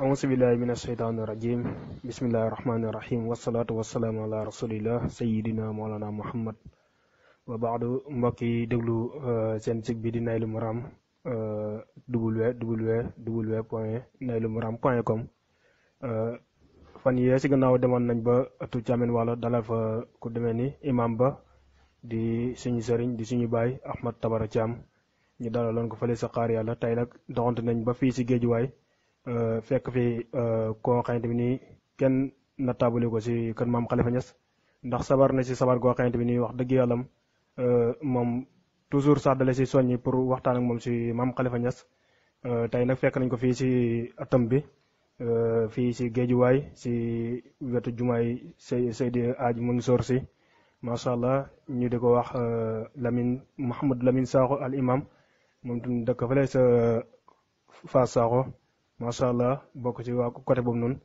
أعوذ بالله من الشيطان الرجيم بسم الله الرحمن الرحيم والصلاة والسلام على رسول الله سيدنا مولانا محمد وبعد مبكي دغلو سين سيك بي دي نايل مرام fan yee si gannaaw demoon nañ ba ëttu càmmin wala dalal fa ku demee ni imam ba di suñu sëriñ di suñu baay ahmad tabara ñu dalaloon ko fële sa xaar yàlla tey nag doxante nañ ba fii si géejuwaay Euh, fekk fi euh, koo xamante bi nii kenn nattaabali ko si kër maam Khalifa Niass ndax sabar na si sabar goo xamante bi nii wax dëgg yàllam euh, moom toujours sax dale si soññi pour waxtaan ak moom si maam Khalifa Niass tey nag fekk nañ ko fii si atam bi fii si géejuwaay si wetu jumaay Seydi Aji Mansour si macha allah ñu di ko wax Lamine Mouhamadou Lamine Sakho al imam moom tam dëkk fële sa Fass Sakho macha allah bokk ci waa côté boobu noonu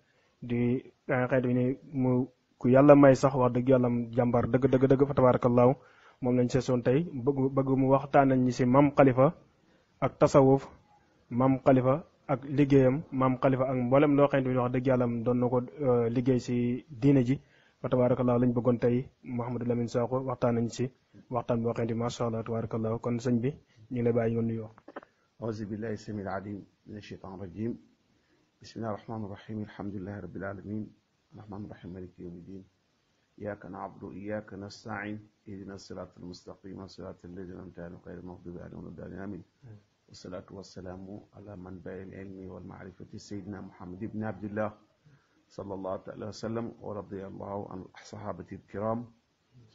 di xeet bi ni mu ku yàlla may sax wax dëgg yàlla jàmbaar dëgg dëgg dëgg fa tabaarakallaahu moom lañ seesoon tey bëgg bëgg mu waxtaan nañ ñi si maam xalifa ak tasawuf maam Khalifa ak liggéeyam maam Khalifa ak mboolem loo xamante ni wax dëgg yàlla doon na ko euh, liggéey si diine ji fa tabaarakallaahu lañ bëggoon tey Mouhamadou Lamine Sakho waxtaan nañ si waxtaan boo xamante ni macha allah tabaarakallaahu kon sëñ bi ñu ngi lay bàyyi nga nuyoo. من الشيطان الرجيم بسم الله الرحمن الرحيم الحمد لله رب العالمين الرحمن الرحيم مالك يوم الدين إياك نعبد وإياك نستعين اهدنا الصراط المستقيم صراط الذين أنعمت عليهم غير المغضوب عليهم ولا الضالين آمين والصلاة والسلام على باع العلم والمعرفة سيدنا محمد بن عبد الله صلى الله عليه وسلم ورضي الله عن الصحابة الكرام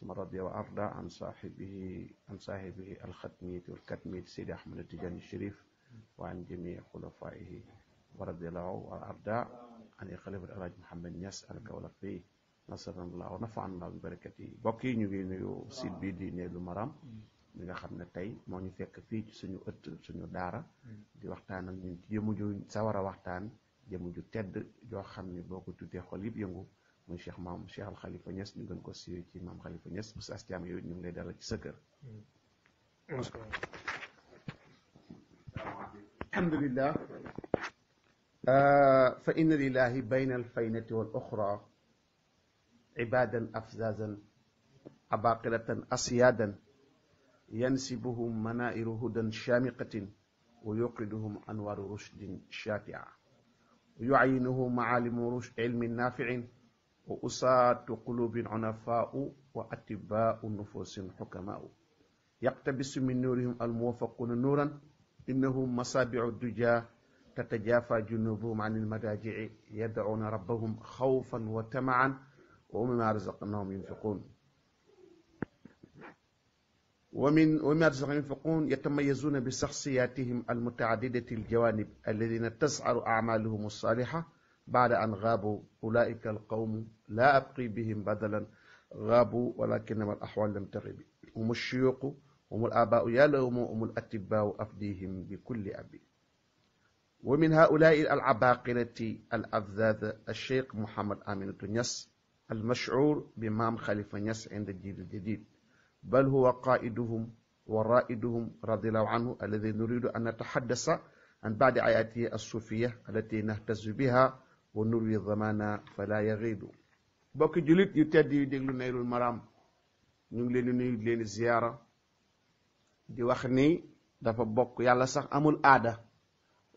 ثم رضي الله عن صاحبه عن صاحبه الختمية والكتمية سيد أحمد التجاني الشريف wa an jamii xulafaihi wa radiallahu wa arda ani xalifat alaj Muhammad Niass al Kawlaxi nasaranallah wa nafaanallah bi barakatihi bokk yi ñu ngi nuyu site bi di Néeru Maram mi nga xam ne tey moo ñu fekk fii suñu ëtt suñu daara di waxtaan ak ñun ci jëmu ju sawar waxtaan jëmu ju tedd joo xam ni boo ko tuddee xol yëpp yëngu muy Cheikh maam mu Al xalifa Niass ñu gën ko siiwee ci maam Khalifa Niass bu saas jaam yooyu ñu ngi lay dalal ci sa الحمد لله آه، فإن لله بين الفينة والأخرى عبادا أفزازا عباقرة أصيادا ينسبهم منائر هدى شامقة ويقردهم أنوار رشد شاتعة ويعينه معالم علم نافع وأساة قلوب عنفاء وأتباء نفوس حكماء يقتبس من نورهم الموفقون نورا إنهم مصابع الدجى تتجافى جنوبهم عن المداجع يدعون ربهم خوفا وتمعا ومما رزقناهم ينفقون ومن ومما رزقناهم ينفقون يتميزون بشخصياتهم المتعددة الجوانب الذين تسعر أعمالهم الصالحة بعد أن غابوا أولئك القوم لا أبقي بهم بدلا غابوا ولكنما الأحوال لم تغب هم الشيوخ هم الآباء يا لهم هم الأتباء أفديهم بكل أبي ومن هؤلاء العباقرة الافذاذ الشيخ محمد آمين تونس المشعور بمام خليفة نس عند الجيل الجديد بل هو قائدهم ورائدهم رضي الله عنه الذي نريد أن نتحدث عن بعض آياته الصوفية التي نهتز بها ونروي الضمان فلا يغيب بوك جليت يتدي ديغلو نيرو المرام نيغلي نيو نيل زيارة di wax ni dafa bokk yàlla sax amul aada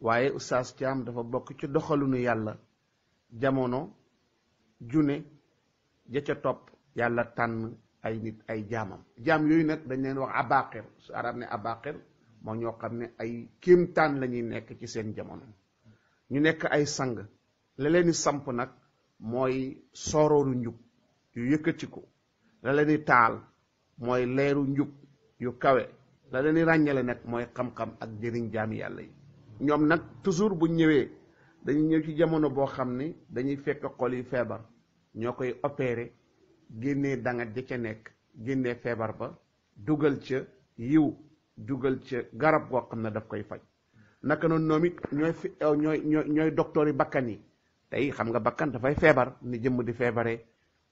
waaye Oustaz Thiam dafa bokk ci doxalinu yàlla jamono june ja ca topp yàlla tànn ay nit ay jaamam jaam yooyu nag dañ leen wax abaqir su arab ne abaqir moo ñoo xam ne ay kéemtaan la ñuy nekk ci seen jamono ñu nekk ay sang la leen samp nag mooy soorooru njub yu yëkkati ko leen taal mooy leeru njub yu kawe la leen di ràññale nag mooy xam-xam ak jëriñ jaam yàlla yi ñoom nag toujours bu ñëwee dañuy ñëw ci jamono boo xam ni dañuy fekk xool yi feebar ñoo koy opeere génnee dangat ja ca nekk génnee feebar ba dugal ca yiw dugal ca garab goo xam ne daf koy faj naka noonu ñoom it ñooy fi eh, ñooy ñooy ñooy yi bakkan yi tey xam nga bakkan dafay feebar ni jëmm di feebaree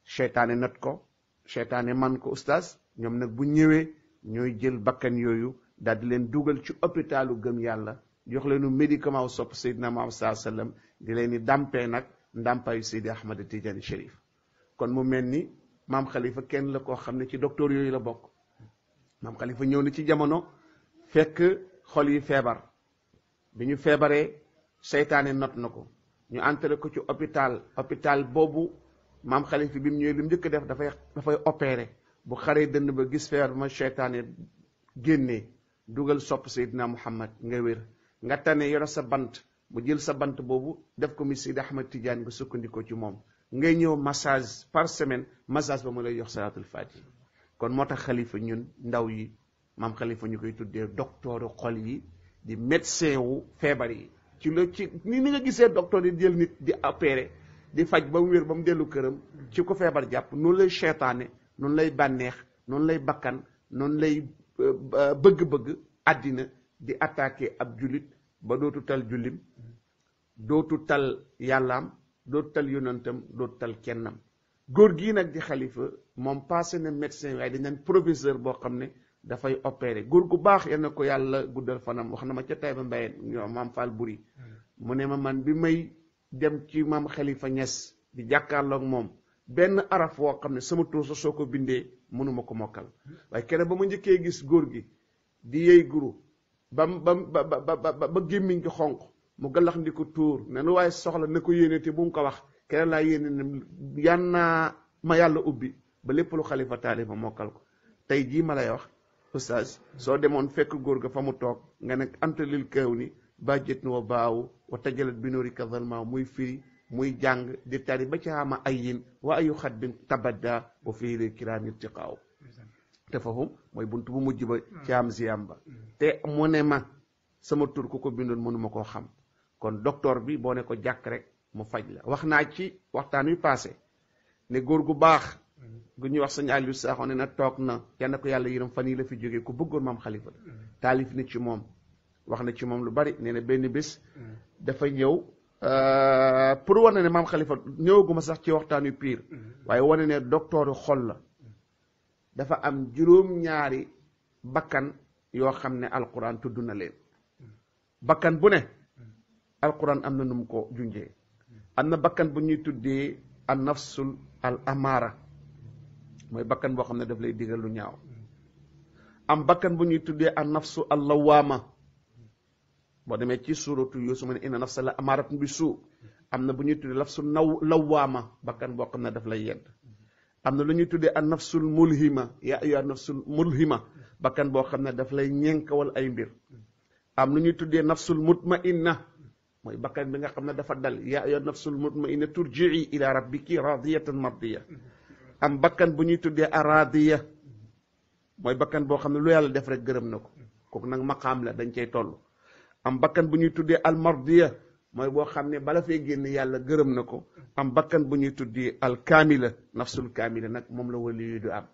seytaane not ko seytaane man ko ustaas ñoom nag bu ñëwee ñooy jël bakkan yooyu daal di leen dugal ci hôpitalu gëm yàlla jox leenu médicament wu sopp sayidina muhammad saa sallam di leen di dàmpee nag ndàmpaayu seydi Ahmed tidiane chérif kon mu mel ni maam xalifa kenn la koo xam ne ci docteur yooyu la bokk Mam Khalifa ñëw na ci jamono fekk xol yi feebar bi ñu feebaree seytaane not na ko ñu entré ko ci hôpital hôpital boobu Mam Khalifa bi mu ñëwee li mu njëkk def dafay dafay opéré bu xaree dënn ba gis feer ma seytaane génnee dugal sopp sayidina muhammad nga wér nga tane yore sa bant mu jël sa bant boobu def ko mi sayid ahmad tidiane nga sukkandikoo ci moom ngay ñëw massage par semaine massage ba mu lay jox salaatul fatih kon moo tax xalifa ñun ndaw yi maam xalifa ñu koy tuddee docteuru xol yi di médecin wu feebar yi ci la ci ni ni nga gisee docteur yi jël nit di opéré di faj ba mu wér ba mu dellu këram ci ko feebar jàpp noonu lay seetaane noonu lay bànneex noonu lay bakkan noonu lay euh, euh, bëgg-bëgg àddina di attaqué ab jullit ba dootu tal jullim dootu tal yàllaam dootu tal yonantam dootu tal kennam góor gii nag di xalifa moom passé na médecin waaye dañ naan proviseur boo xam ne dafay opéré góor gu baax yal na ko yàlla guddal fanam wax na ma ca Taïba mbay ñoo maam Fall Buri hmm. mu ne ma man bi may dem ci maam xalifa ñes di jàkkaarloog moom benn araf woo xam ne sama tur sa soo ko bindee mënuma ko mokkal waaye keneen ba ma njëkkee gis góor gi di yey guru bam ba ba ba ba gémmiñ gi xonq mu galax ndi ko tuur ne lu waaye soxla ne ko yéene te bu mu ko wax keneen laa yéene ne yan naa ma yàlla ubbi ba lépp lu xalifa taalifa mokkal ko tey jii ma lay wax oustaz soo demoon fekk góor gi fa mu toog nga ne antalil kaw ni bàjjet na wa baaw wa tajalat bi noori kazalmaaw muy firi muy jàng di tari ba ci ay ayin wa ayu xat bin tabadda wa fii li kiraam irtiqaaw tafahum mooy bunt bu mujj ba ci am ziyam ba te mu ne ma sama tur ku ko bindoon mënuma koo xam kon docteur bi boo ne ko jàkk rek mu faj la wax naa ci waxtaan wi passé ne góor gu baax gu ñuy wax sañ Aliou Sakho ne na toog na yanna ko yàlla yërëm fa yi la fi jóge ku bëggoon am xalifa la taalif na ci moom wax na ci moom lu bari nee na benn bés mm. dafa ñëw Euh, pour wane ne maam Khalifa ñëwaguma sax ci waxtaan yu piir waaye wane ne doktooru xol la dafa am juróom-ñaari bakkan yoo xam ne alxuraan tudd na leen bakkan bu ne alquran am na nu ko junjee am na bakkan bu ñuy tuddee an nafsul al amaara mooy bakkan boo xam ne daf lay digal lu ñaaw am bakkan bu ñuy tuddee an nafsu al lawaama bo demé ci suratu yusuf ne inna nafsa la bi am na bu ñuy tuddee nafsu naw lawaama bakkan boo daf lay yedd am na lu ñuy an nafsul mulhima ya ayyuha nafsul mulhima bakkan bo xamna daf lay ñenkawal ay mbir am lu ñuy tuddee nafsul mutmainna moy bakkan bi nga xamna dafa dal ya ayyuha nafsul mutmainna turji'i ila rabbiki radiyatan mardiya am bakkan bu ñuy tuddee aradiya moy bakkan bo xamna lu yalla def rek gëreem nako kok nak maqam la dañ cey tollu am bakkan bu ñuy tuddee mardiya mooy boo xam ne bala fee génn yàlla gërëm na ko am bakkan bu ñuy tuddee kamila nafsul kamila nag moom la wali yu du am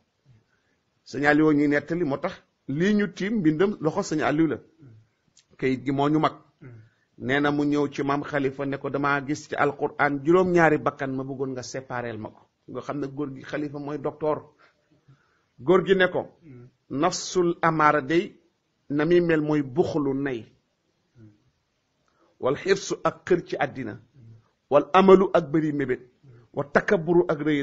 sëñ Aliou ñuy nettali moo tax lii ñu tiim mbindam loxo sëñ Aliou la kayit gi moo ñu mag nee na mu ñëw ci mam xalifa ne ko dama gis ci alquran juróom-ñaari bakkan ma bëggoon nga sépareel ma nga xam ne góor gi xalifa mooy docteur góor gi ne ko mm. nafsul amara day na mel mooy buxlu nay wal xirsu ak xër ci àddina wal amalu ak bëri mébét wa takaburu ak rëy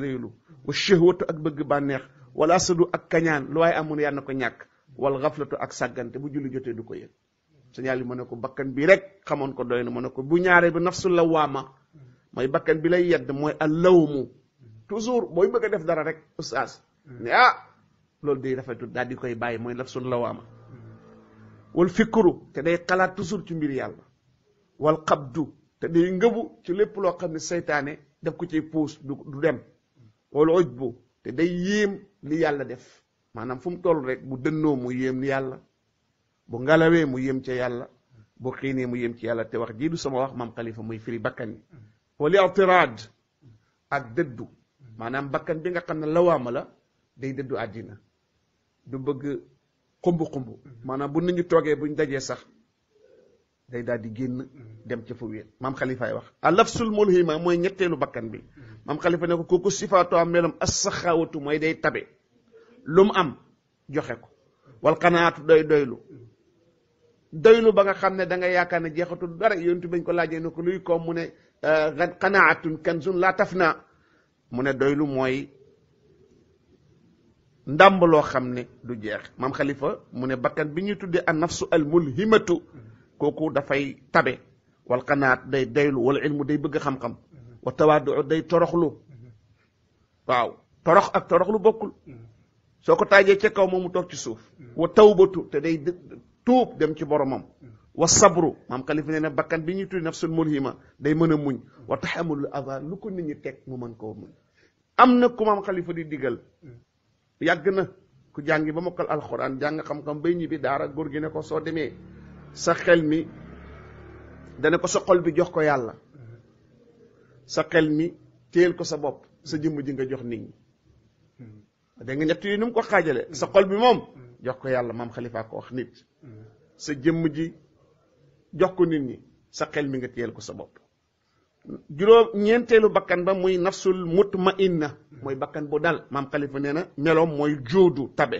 wa shahwatu ak bëgg bànneex wala asadu ak kañaan lu waaye amul yàlla na ko ñàkk wal xaflatu ak sàggante bu julli jotee du ko yëg señaal yi mu ne ko bakkan bi rek xamoon ko doy na mu ne ko bu ñaaree bi nafsu lawaama mooy bakkan bi lay yedd mooy allawmu toujours mooy bëgg a def dara rek ustaas ne ah loolu day rafetu daal di koy bàyyi mooy nafsu lawaama wal fikru te day xalaat toujours ci mbir wal xabdu te day ngëbu ci lépp loo xam ne seytaane daf ko ci puus du dem wal ujbu te day yéem li yàlla def maanaam fu mu toll rek bu dënnoo mu yéem li yàlla bu ngalawee mu yéem ca yàlla bu xiinee mu yéem ci yàlla te wax jii du sama wax maam xalifa muy firi bakkan yi wal ak dëddu maanaam bakkan bi nga xam ne lawaama la day dëddu àddina du bëgg xumb xumb maanaam bu nit ñi toogee buñ dajee sax day daal di génn dem ci fa wéet maam xalifaay wax a lafsul mulhima mooy ñetteelu bakkan bi maam xalifa ne ko kooku sifaatu am melam assaxaawatu mooy day tabe lu mu am joxe ko wal kanaatu doy doylu doylu ba nga xam ne da yaakaar ne jeexatul dara yontu bañ ko laajee ne ko luy koom mu ne xanaatun euh, kanzun laa taf naa mu ne doylu mooy ndàmb loo xam ne du jeex maam xalifa mu ne bakkan bi ñuy tuddee a nafsu al mulhimatu kooku dafay tabe wal qanaat day daylu wala ilmu day bëgg xam-xam wa tawaadu waaw torox ak torox lu bokkul soo ko taajee ca kaw moom mu toog ci suuf wa tawbatu te day tuub dem ci boromam wa sabru maam xalifa nee na bakkan bi ñuy tudd nafsul mulhima day mën a muñ wa taxamulul ava lu ko nit ñi teg mu mën koo muñ am na ku maam xalifa di digal yàgg na ku jàngi ba mokkal alxuraan jàng xam-xam bay ñibbi daara góor gi ne ko soo demee sa xel mi dana ko sa xol bi jox ko yàlla sa xel mi téel ko sa bopp sa jëmm ji nga jox nit ñi da nga ñett yi ko xaajale sa xol bi moom jox ko yàlla maam xalifaa ko wax nit sa jëmm ji jox ko nit ñi sa xel mi nga téyel ko sa bopp juróom ñeenteelu bakkan ba muy nafsul na mooy bakkan bu dal maam xalifa nee na meloom mooy jóodu tabe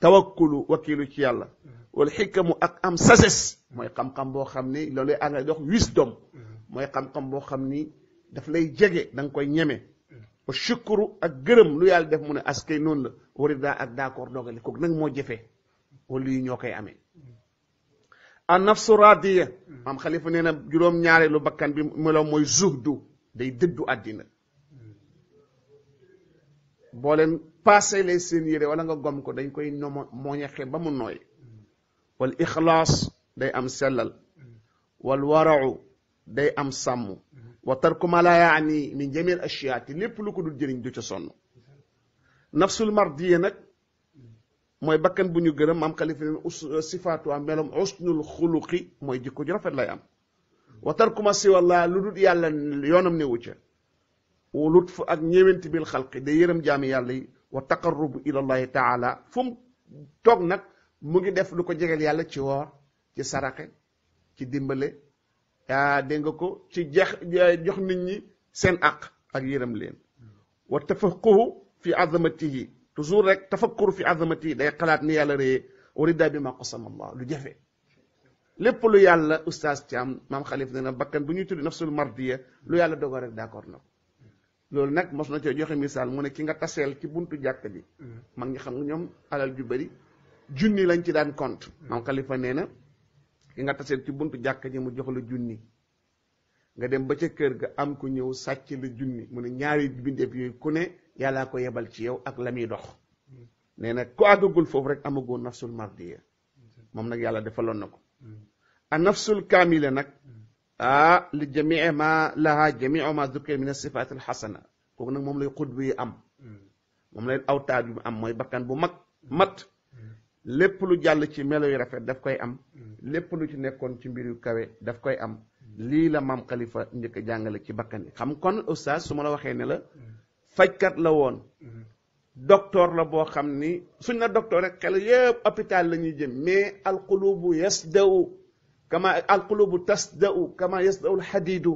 tawakkulu wakiilu ci yàlla wala xikkamu ak am sagesse mooy xam-xam boo xam ni loolu anglais dox wisdom mooy xam-xam boo xam ni daf lay jege da nga koy ñeme wa shukuru ak gërëm lu yàlla def mu ne askay noonu la wari daa ak d'accord dogali kooku nag moo jëfee wala yi ñoo koy amee an nafsu radiya maam xalifa nee na juróom ñaareelu bakkan bi meloom mooy zuhdu day dëddu àddina boo leen passé les seen yére wala nga gom ko dañ koy nomo mooñaxe ba mu nooy wal ikhlaas day am sellal wal waracu day am sàmm wa tarku ma laa yaani min jamil ashiyaati lépp lu ko dul jëriñ du ca sonn nafsul mardiya nag mooy bakkan bu ñu gërëm maam xalifa ne us sifaatu am melom usnul xuluqi mooy jikko ju rafet lay am wa tarkuma siwallaa lu dul yàlla yoonam ne wu ca lutf ak ñëwent bil xalqi day yërëm jaami yàlla yi wa taqarrubu ilallahi taala fu mu toog nag mu ngi def lu ko jegeel yàlla ci woor ci saraxe ci dimbale yaa dégg nga ko ci jeex eh, jox nit ñi seen àq ak yërëm leen wa tafakkuhu fi azamatihi toujours rek tafakkur fi yi day xalaat ni yàlla réyee daa bi ma qasama allah lu jafe lépp lu yàlla oustaz Thiam maam xalif ne na bakkan bu ñuy tudd nafsul mardiya lu yàlla dogoo rek d'accord na ko loolu nag mos na cee joxe misaal mu ne ki nga taseel ci buntu jàkk bi mag ñi xam nga ñoom alal ju bëri junni lañ ci daan compte maam xalifa nee na ki nga taseel ci buntu jàkk ji mu jox la junni nga dem ba ca kër ga am ku ñëw sàcc la junni mu ne ñaari bindeef yooyu ku ne yàllaa ko yebal ci yow ak la muy dox nee na ku àggagul foofu rek amagoo nafsul mardiya moom nag yàlla defaloon na ko a nafsul kaamila nag ah li jamii ma la jamii ma zukir min asifaat alxasana kooku nag moom lay xud bi am moom lay awtaat yu am mooy bakkan bu mag mat lépp lu jàll ci melo yu rafet daf koy am mm. lépp lu ci nekkoon ci mbir yu kawe daf koy am mm. lii la maam xalifa njëkk a jàngale ci bakkan yi xam kon oustaz su ma la waxee ne la mm. fajkat la woon docteur la boo xam ni suñ na docteur rek xel yëpp hôpital la jëm mais alqulubu yasda'u kama alqulubu tasda'u kama yasda'u alxadiidu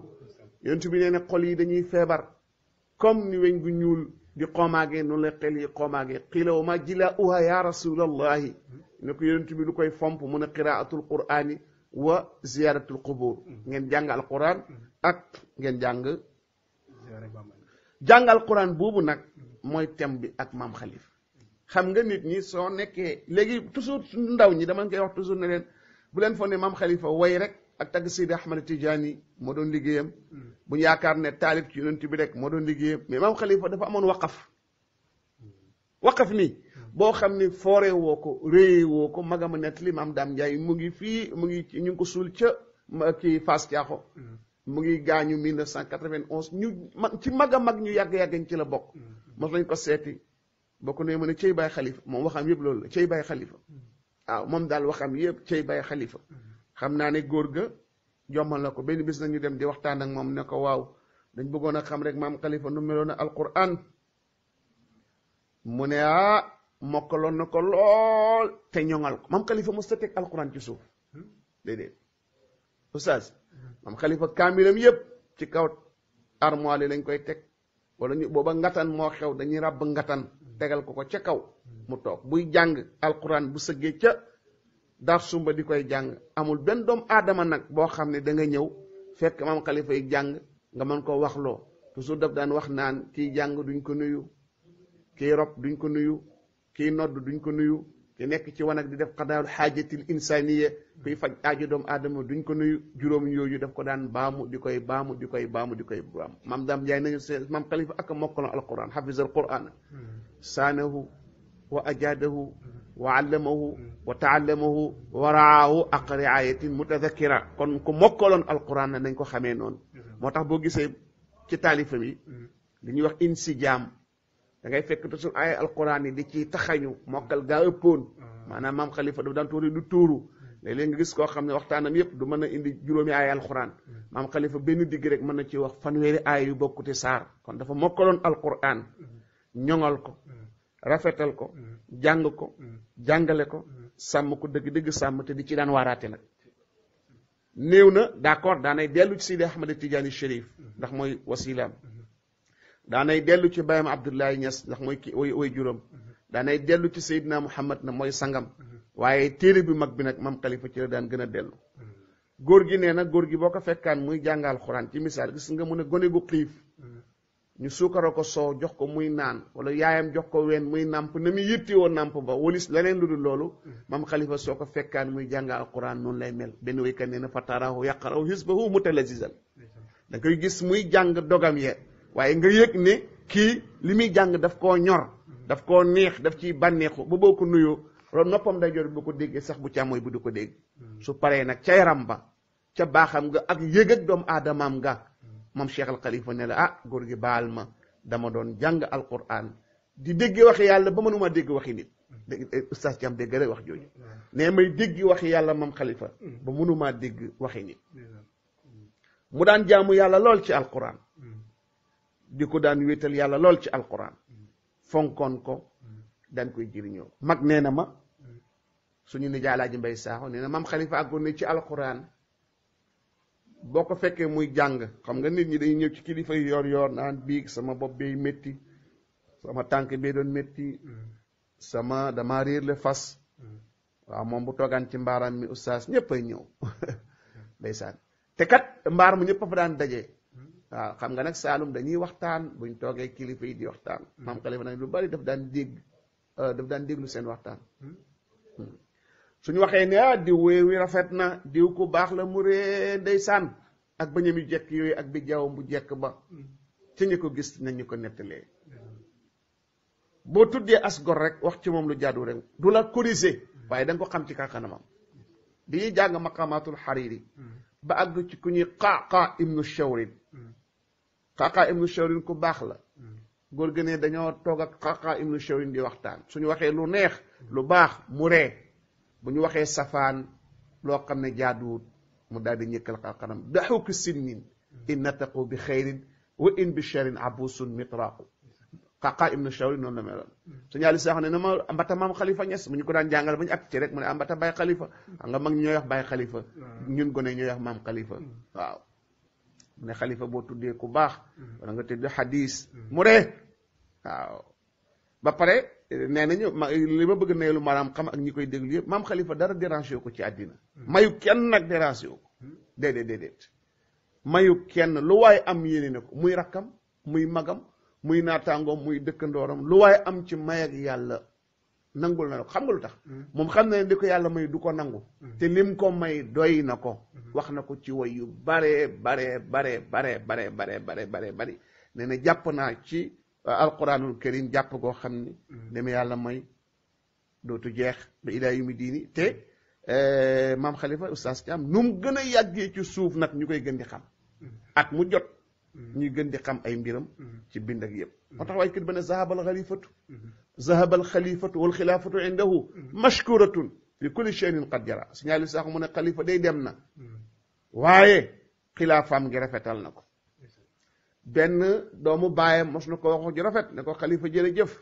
yonent bi nee xol yi dañuy feebar comme ni weñ gu ñuul di xoomaage noonu la xel yi xoomaage xiila wa ma jila uha ya rasulallahi ne ko yonent lu koy fomp mën a qiraatul qur'ani wa ziyaratul qubur ngeen jàng alquran ak ngeen jàng jàng alquran boobu nag mooy thème bi ak maam xalif xam nga nit ñi soo nekkee léegi toujours ndaw ñi dama koy wax toujours ne bu leen foog ne maam xalifa way rek ak tagg Seydi Ahmad Tijaani moo doon liggéeyam bu ñu yaakaar ne taalib ci yonent bi rek moo doon liggéeyam mais maam Khalifa dafa amoon waqaf waqaf nii boo xam ni foore woo ko réye woo a magama nett li maam Daam Njaay mu ngi fii mu ngi ñu ngi ko suul ca ci Fass Thiaxo mu ngi gaañu 1991 ñu mag ci mag a mag ñu yàgg-yàggañ ci la bokk mos lañ ko seeti bokk ne mën a cey Baay Khalifa moom waxam yëpp loolu la cey Baay Khalifa waaw moom daal waxam yëpp cey Baay xalifa xamna ne gor ga jomal nako ben bis nañu dem di waxtaan ak mom nako waw dañ bëggoon xam rek mam khalifa nu alquran mune a ah, mokalon nako na te ñongal ko mam khalifa musta tek alquran ci suuf dede oustaz mam khalifa kamilam yeb ci kaw armoire lañ koy tek wala ñu boba ngatan mo xew dañuy rab ngatan tegal ko ko ci kaw mu tok buy jang alquran bu sëggee ca dar sumba di koy jàng amul benn doomu aadama nag boo xam ne da nga ñëw fekk maam xalifa yi jàng nga mën ko waxloo toujours daf daan wax naan kii jàng duñ ko nuyu kii rob duñ ko nuyu kii nodd duñ ko nuyu ki nekk ci wanag di def xadaarul xaajatil insaniya kuy faj aaju doomu aadama duñ ko nuyu juróom yooyu daf ko daan baamu di koy baamu di koy baamu di koy baamu maam daam jaay nañu se maam xalifa ak mokkaloon alquran xafisal quran hmm. saanahu wa ajaadahu hmm. wa allamahu wa taallamahu wa raahu ak riayatin mutadakira kon ku mokkaloon alquran na nañ ko xamee noonu moo tax boo gisee ci taalifam yi li ñuy wax insijaam da ngay fekk te suñu ay alquran yi di ciy taxañu mokkal gaa ëppoon maanaam maam xalifa dafa daan tuuri du tuuru léeg-léeg nga gis koo xam ne waxtaanam yëpp du mën a indi juróomi ay alquran maam xalifa benn digg rek mën na ci wax fanweeri aay yu bokkute saar kon dafa mokkaloon alquran ñoŋal ko rafetal ko mm. jàng ko mm. jàngale ko mm. sàmm ko dëgg-dëgg sàmm te di ci daan waaraate nag néew na d'accord daanay dellu ci Sidi Ahmed Tidiane Chérif ndax mooy wasilaam daanay dellu ci bayam Abdoulaye Niass ndax mooy ki juróom daanay dellu ci Seydina Muhammad na mooy sangam waaye téere bi mag bi nag mam Khalifa ci la daan gën a dellu góor gi nee na góor gi boo ko fekkaan muy jàngal xuraan ci misaal gis nga mu ne gone gu xiif ñu suukaro ko soow jox ko muy naan wala yaayam jox ko wen muy namp na yitti yittewoo namp ba walis leneen lu dul loolu mam xalifa soo ko fekkaan muy jàng alquran noonu lay mel benn wéykat nee na fatarahu yaqarahu hisbahu mutalazizan da ngay gis muy jàng dogam ye ya. waaye nga yëg ni kii li muy jàng daf koo ñor daf koo neex daf ciy bànneexu bu boo ko nuyoo loolu noppam day jor bu ko déggee sax bu càmmooy bu du ko dégg hmm. su paree nag ca ba ca baaxam nga ak yëg ak nga moom Cheikh Al Khalifa ne la ah góor gi baal ma dama doon jàng alquran di dégg waxi yàlla ba mënuma dégg waxi nit ustaas jam dégg rek eh, wax jooju ne may dégg waxi yàlla mam xalifa ba mënumaa dégg waxi nit mu daan jaamu yàlla lool ci alquran di ko daan wéetal yàlla lool ci alquran fonkoon ko daan koy jëriñoo mag nee na ma suñu nijaay Alaaji Mbay Saaxo nee na maam xalifa àggoon na ci alquran boko fekke muy jang xam nga nit ñi dañuy ñew ci kilifa yor yor naan biik sama bop bey metti sama tank bey doon metti sama dama rir le fas waaw moom bu togan ci mbaaram mi oustaz ñeppay ñew ñëw te kat mbaar mu ñepp fa daan dajé waaw xam nga nak salum dañuy waxtaan buñ toge kilifa yi di waxtaan mam xalifa nag lu bari daf daan dégg euh, daf daan déglu seen waxtaan suñu waxee ne ah diw wéewi rafet na diw ku baax la mu ree ndeysaan ak bañam yu jekk yooyu ak bi jawam bu jekk ba ci ñi ko gis nañ ko nettalee boo tuddee as rek wax ci moom lu jaadu rek du la waaye da nga ko xam ci kanamam bi ñuy jàng maqamatul hariri ba àgg ci ku ñuy qaaqa ibnu shawrin qaaqa ibnu shawrin ku baax la góor gënee dañoo toog ak qaaqa ibnu shawrin di waxtaan suñu waxee lu neex lu baax mu ree bu ñu waxee safaan loo xam ne jaaduwut mu daal di ñëkkal xaqanam daxu ki sinnin in nataqu bi xayrin wa in bi sharin abusun mitraqu xaqaa ibnu shawri noonu la meloon suñu àlli ne na ma ambata maam xalifa ñes mu ñu ko daan jàngal ba ak ci rek mu ne ambata bàyyi xalifa xam nga mag ñooy wax bàyyi xalifa ñun gone ñooy wax maam xalifa waaw mu ne xalifa boo tuddee ku baax mm. wala nga tuddee xadis mu ree waaw ba pare nee nañu ma li ma bëgg neelu maanaam xam ak ñi koy déglu yëpp maam xalifa dara dérangé ko ci àddina hmm. mayu kenn nag dérangé ko hmm. mayu kenn lu waaye am yéene ko muy rakkam muy magam muy naataangoom muy dëkkandooram lu waaye am ci may ak yàlla nangul na ko xam nga lu tax hmm. moom xam na ne di ko yàlla may du ko nangu te lim ko may doy na ko wax na ko ci woy yu bare bare bare bare bare bare bare bare na jàpp naa ci alquranul karim jàpp goo xam ni deme mm-hmm. yàlla mooy dootu jeex ba ilaa yumi diini te mm-hmm. eh, maam xalifa ustaas ci am mu gën a yàggee ci suuf nag ñu koy gën di xam mm-hmm. ak mu jot ñuy gën di xam ay mbiram ci bind ak yëpp moo tax waaye kit ba ne zahabal xalifatu zahabal xalifatu wal xilaafatu indahu mashkuratun fi kulli shay'in qad jara signali sax mu ne xalifa dem na waaye xilaafaam ngi rafetal na ko benn doomu baayam mos na ko wax ji rafet ne ko xalifa jërëjëf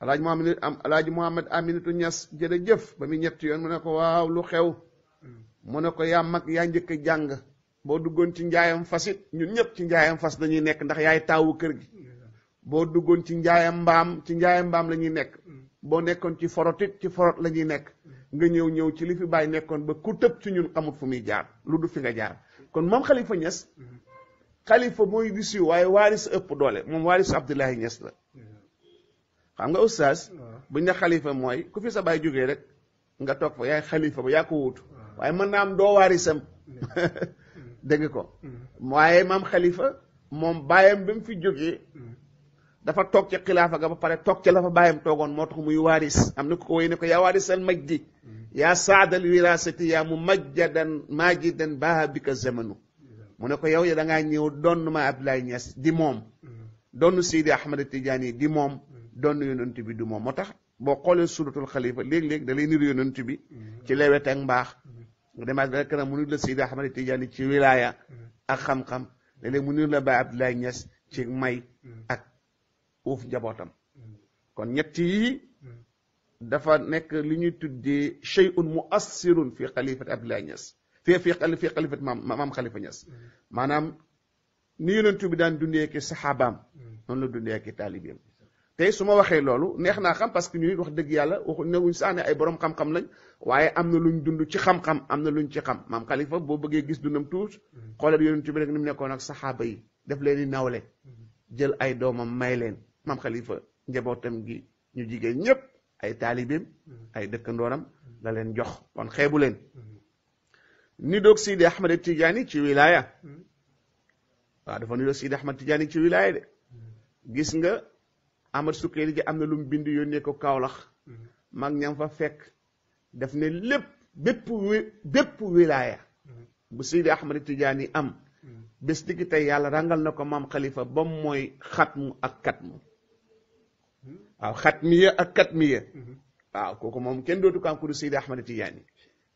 alaaji Mohamed am alaaji Mohamed Aminatu Ñas jërëjëf ba muy ñetti yoon mu ne ko waaw lu xew mu ne ko yaa mag yaa njëkk a jàng boo duggoon ci njaayam fas it ñun ñëpp ci njaayam fas dañuy nekk ndax yaay taawu kër gi boo duggoon ci njaayam mbaam ci njaayam mbaam la ñuy nekk boo nekkoon ci forot ci forot la ñuy nekk nga ñëw ñëw ci li fi bàyyi nekkoon ba ku tëb ci ñun amut fu muy jaar lu du fi nga jaar kon moom Xalifa Ñas xalifa mooy wis yu waaye waaris ëpp doole moom waaris Abdoulaye Niass la xam nga oustaz buñ ne xalifa mooy ku fi sa baay jógee rek nga toog fa yaay xalifa ba yaa ko wuutu waaye mën naa am doo waarisam dégg ko waaye maam xalifa moom bàyyam ba mu fi jógee dafa toog ca xilaafa ga ba pare toog ca la fa bàyyam toogoon moo tax muy waaris am na ku ko wéy ne ko yaa waarisal majdi yaa saadal wirasati yaa mu majjadan maajidan baaha bika zamanu mu yow ya da nga ñëw donu ma Abdoulaye Niass di mom donu sidi Ahmed Tidiane di mom donu yonent bi du mom motax bo xolé suratul khalifa leg leg da lay niru yonent bi ci lewet ak mbax nga demaat ba kanam mu nir la sidi Ahmed Tidiane ci wilaya ak xam-xam léeg-léeg mu nir la ba Abdoulaye Niass ci may ak uuf njabootam kon ñett yi dafa nek li ñuy tuddee shay'un mu'assirun fi khalifat Abdoulaye Niass fee fii fii xalifat maam maam xalifa ñas maanaam ni yonentu bi daan dundee ki saxaabaam noonu la dundee ki taalibeem tey su ma waxee loolu neex naa xam parce que ñu nit wax dëgg yàlla waxu newuñ sax ne ay borom xam-xam lañ waaye am na luñ dund ci xam-xam am na luñ ci xam maam xalifa boo bëggee gis dundam tuus xoolal yonentu bi rek ni mu nekkoon ak saxaaba yi def leen di nawle jël ay doomam may leen maam xalifa njabootam gi ñu jigéen ñëpp ay taalibeem ay dëkkandooram la leen jox kon xeebu leen nidoog Sidi Ahmad tijani ci wilaya waaw dafa nidoog Sidi Ahmad tijani ci wilaya de gis nga amad Sukayrij gi amna lu bindu bind ko kaolax mag ñam fa fek daf ne lepp bepp bepp wilaya bu Sidi ahmad tijani am bes digi tay yalla rangal nako mam Khalifa bam moy khatmu ak katmu waaw khatmiya ak katmiya mhm. waaw kooku moom kenn dootu kanku du Sidi Ahmed tijani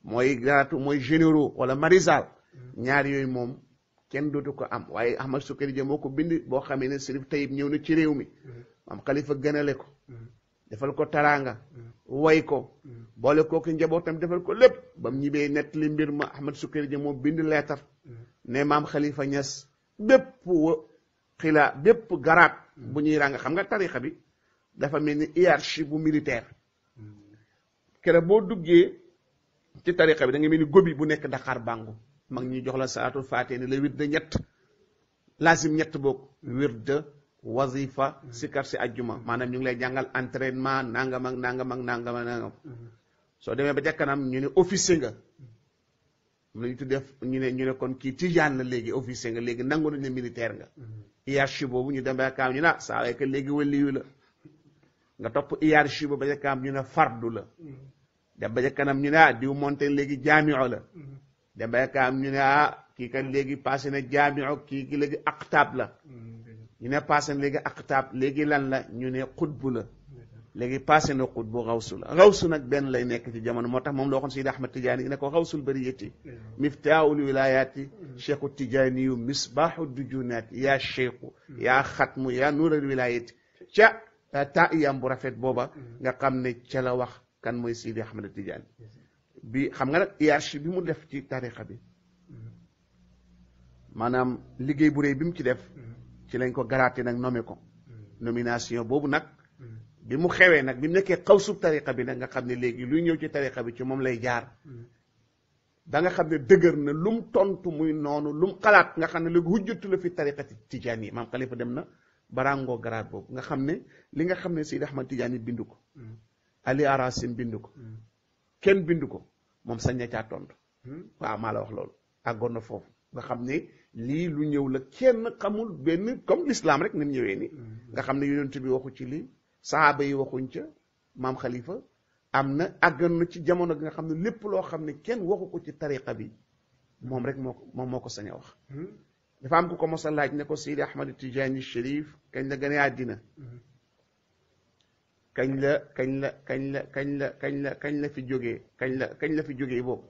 mooy gratu mooy généraux wala marisal mm. ñaar yooyu moom kenn dootu ko am waaye Ahmad Sukari moo ko bind boo xamee ne Serif Tayib ñëw na ci réew mi mm. maam xalifa gënale ko mm. defal ko taraanga way ko boole kooku njabootam defal ko lépp ba mu ñibbee nettali mbir ma Ahmad Sukari moo bind leetar ne maam xalifa ñas bépp xila bépp garaat bu ñuy xam nga tarixa bi dafa mel ni hiérarchie bu militaire kere boo duggee ci tariqa bi da nga melni gobi bu nek Dakar bangu mag ñi jox la saatu faatee ni la wird ñett lazim ñett boog wird wazifa sikar si aljuma manam ñu ngi lay jangal entraînement nangam ak nangam ak nangam ak nangam so demee ba ca kanam ñu ni officier nga am nañu tuddee ñu ne ñu ne kon ki tijaan la léegi officier nga léegi nangu ñu militaire nga iarchi bobu ñu dembe kaam ñu na ah, sa saa ke legi léegi waliyu la nga top iarchi bobu ba ca ñu ne fardu la dem ba kanam ñu ne ah diw monté léegi jaamio la mm-hmm. dem ba ca kanam ñu ne ah kii kat léegi passé na jaamio kii ki léegi aqtaab la mm-hmm. ñu ne passé na léegi aqtaab léegi lan la ñu ne xutbu la léegi passé na xutbu xawsu la xawsu nag benn lay nekk ci jamono moo tax moom loo xam Seydi Ahmad Tijaani ne ko xawsul bariyati miftaahul wilayaati mm-hmm. cheikhu tijaaniyu misbaahu dujunaat yaa cheikhu yaa xatmu yaa nuural wilayati ca ta iyam bu rafet booba nga xam ne la wax kan mooy Sidi Ahmed Tidiane bi xam nga nag hiérarchie bi mu def ci tariqa bi mm-hmm. maanaam liggéey bu réy bi mu ci def mm-hmm. ci lañ ko garaate nag nommé ko mm-hmm. nomination boobu nag bi mu xewee nag bi mu nekkee xaw sub tariqa bi nag nga xam ne léegi luy ñëw ci tariqa bi ci moom lay jaar danga xam ne dëgër na lu tontu muy noonu lu xalaat nga xam ne léegi hujjatu la fi tariqati tijaan yi maam xalifa dem na barangoo garaat boobu nga xam ne li nga xam ne Seydi Ahmad Tijaan yi bindu ko ali arasim bind ko hmm. kenn bind ko moom sañ na caa tontu hmm. waaw maa la wax loolu àggoon na foofu nga xam ne lii lu ñëw la kenn xamul benn comme lislaam rek nim ñëwee ni hmm. nga xam ne yonent bi waxu ci lii saaba yi waxuñ ca maam xalifa am na àggan ci jamono gi nga xam ne lépp loo xam ne kenn waxu ko ci tariqa bi moom rek moo ko moom moo ko sañ a wax dafa am ku ko mos a laaj ne ko Seydi Ahmad Tijaani Chérif kañ la gane àddina kañ la kañ la kañ la kañ la kañ la kañ la fi jógee kañ la kañ la fi jógee bob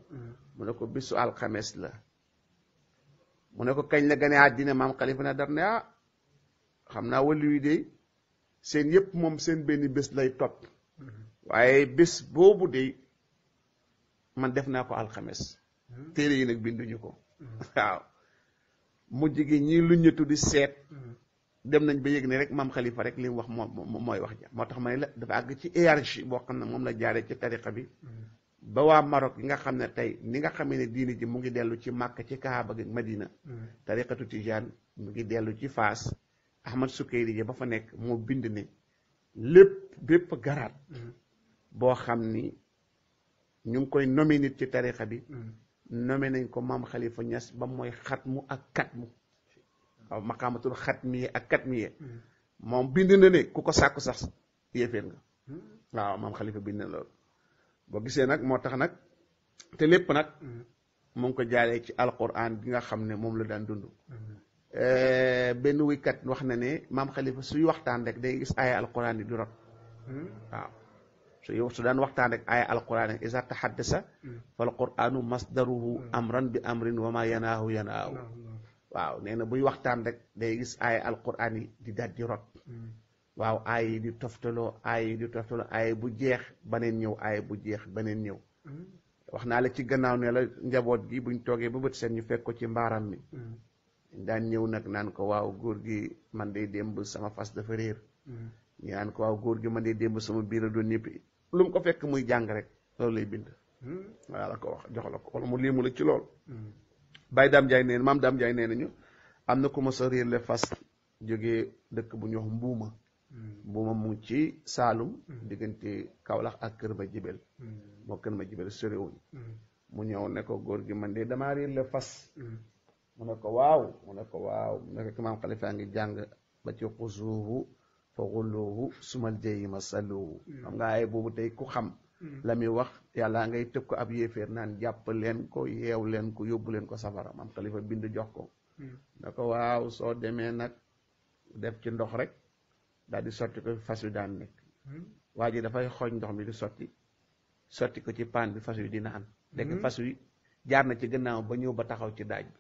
mu ne ko bisu alxames la mu ne ko kañ la gane àddina maam xalifa na dar ne ah xam naa wàllu wi de seen yépp moom seen benn bés lay topp waaye bés boobu de man def naa ko alxames téere yi nag binduñu ko mm-hmm. waaw mujj gi luñu tuddi seet mm-hmm. dem nañ ba yëg ne rek maam xalifa rek li wax moo mooy wax ja moo tax ma ne la dafa àgg ci hiérarchie boo xam ne moom la jaaree ci tariqa bi mm. ba waa Maroc yi nga xam ne tey ni nga xamee ne diini ji mu ngi dellu ci Màkka ci Kaaba gi Madina mm. tariqatu Tijaan mu ngi dellu ci Faas Ahmad Sukayri ji ba fa nekk moo bind ne lépp bépp garaat mm. boo xam ni ñu ngi koy nommé nit ci tariqa bi nommé nañ ko maam xalifa Ñas ba mooy xatmu ak katmu waaw maqaamatul xat mii ak kat mii hmm. moom bind na ne ku ko sàkku sax yéeféer nga hmm. waaw maam xalifa bind na loolu boo gisee nag moo tax nag te lépp nag hmm. mu ngi ko jaalee ci alquran bi nga xam ne moom la daan dund eh, benn wuykat wax na ne maam xalifa suy waxtaan rek day gis aaya alquran yi di rot waaw su su daan waxtaan rek aaya alquran yi isa taxaddasa amran bi amrin wa ma yanaahu yanaahu waaw nee na buy waxtaan rek day gis ay alquran yi di daal di rot hmm. waaw ay yi di toftaloo ay yi di toftaloo ay bu jeex baneen ñëw ay bu jeex baneen ñëw hmm. wax naa la ci gannaaw ne la njaboot gi buñ toogee ba bët seen ñu fekk ko ci mbaaram mi hmm. daan ñëw nag naan ko waaw góor gi man day démb sama fas dafa réer ñu ko waaw góor gi man dee demb sama biir a doon ñëppi lu mu ko fekk muy jàng rek loolu lay bind waaw la ko wax jox la ko wala mu liimu la ci lool Baye Dame Ndiaye nee na maam Dame Ndiaye nee nañu am na ku ma sa réerle fas jógee dëkk bu ñuy wax Mbuuma. Mbuuma mm. mu ci Saalum. Mm. diggante Kaolack ak Kër Madiabel. Mm. moo Kër Madiabel soriwuñ. mu ñëw ne ko góor gi man de damaa réerle fas. mu ne ko waaw mu ne waaw mu ne ko maam Xalifa ngi jàng ba ci xusuuhu fa xulluuhu sumal jayima saluuhu. xam nga ay boobu tey ku xam. Hmm. lami wax yalla ngay tepp ko ab yéeféer nan japp len ko yew len ko yobul len ko safara mam khalifa bind jox ko hmm. nako waw so demé nak def ci ndox rek dal di sorti ko fasu dan nek hmm. waji da fay dafay ndox mi di sorti sorti ko ci pan bi fasu wi dina am dekk fas jaar na ci gannaaw ba ñew ba taxaw ci daaj bi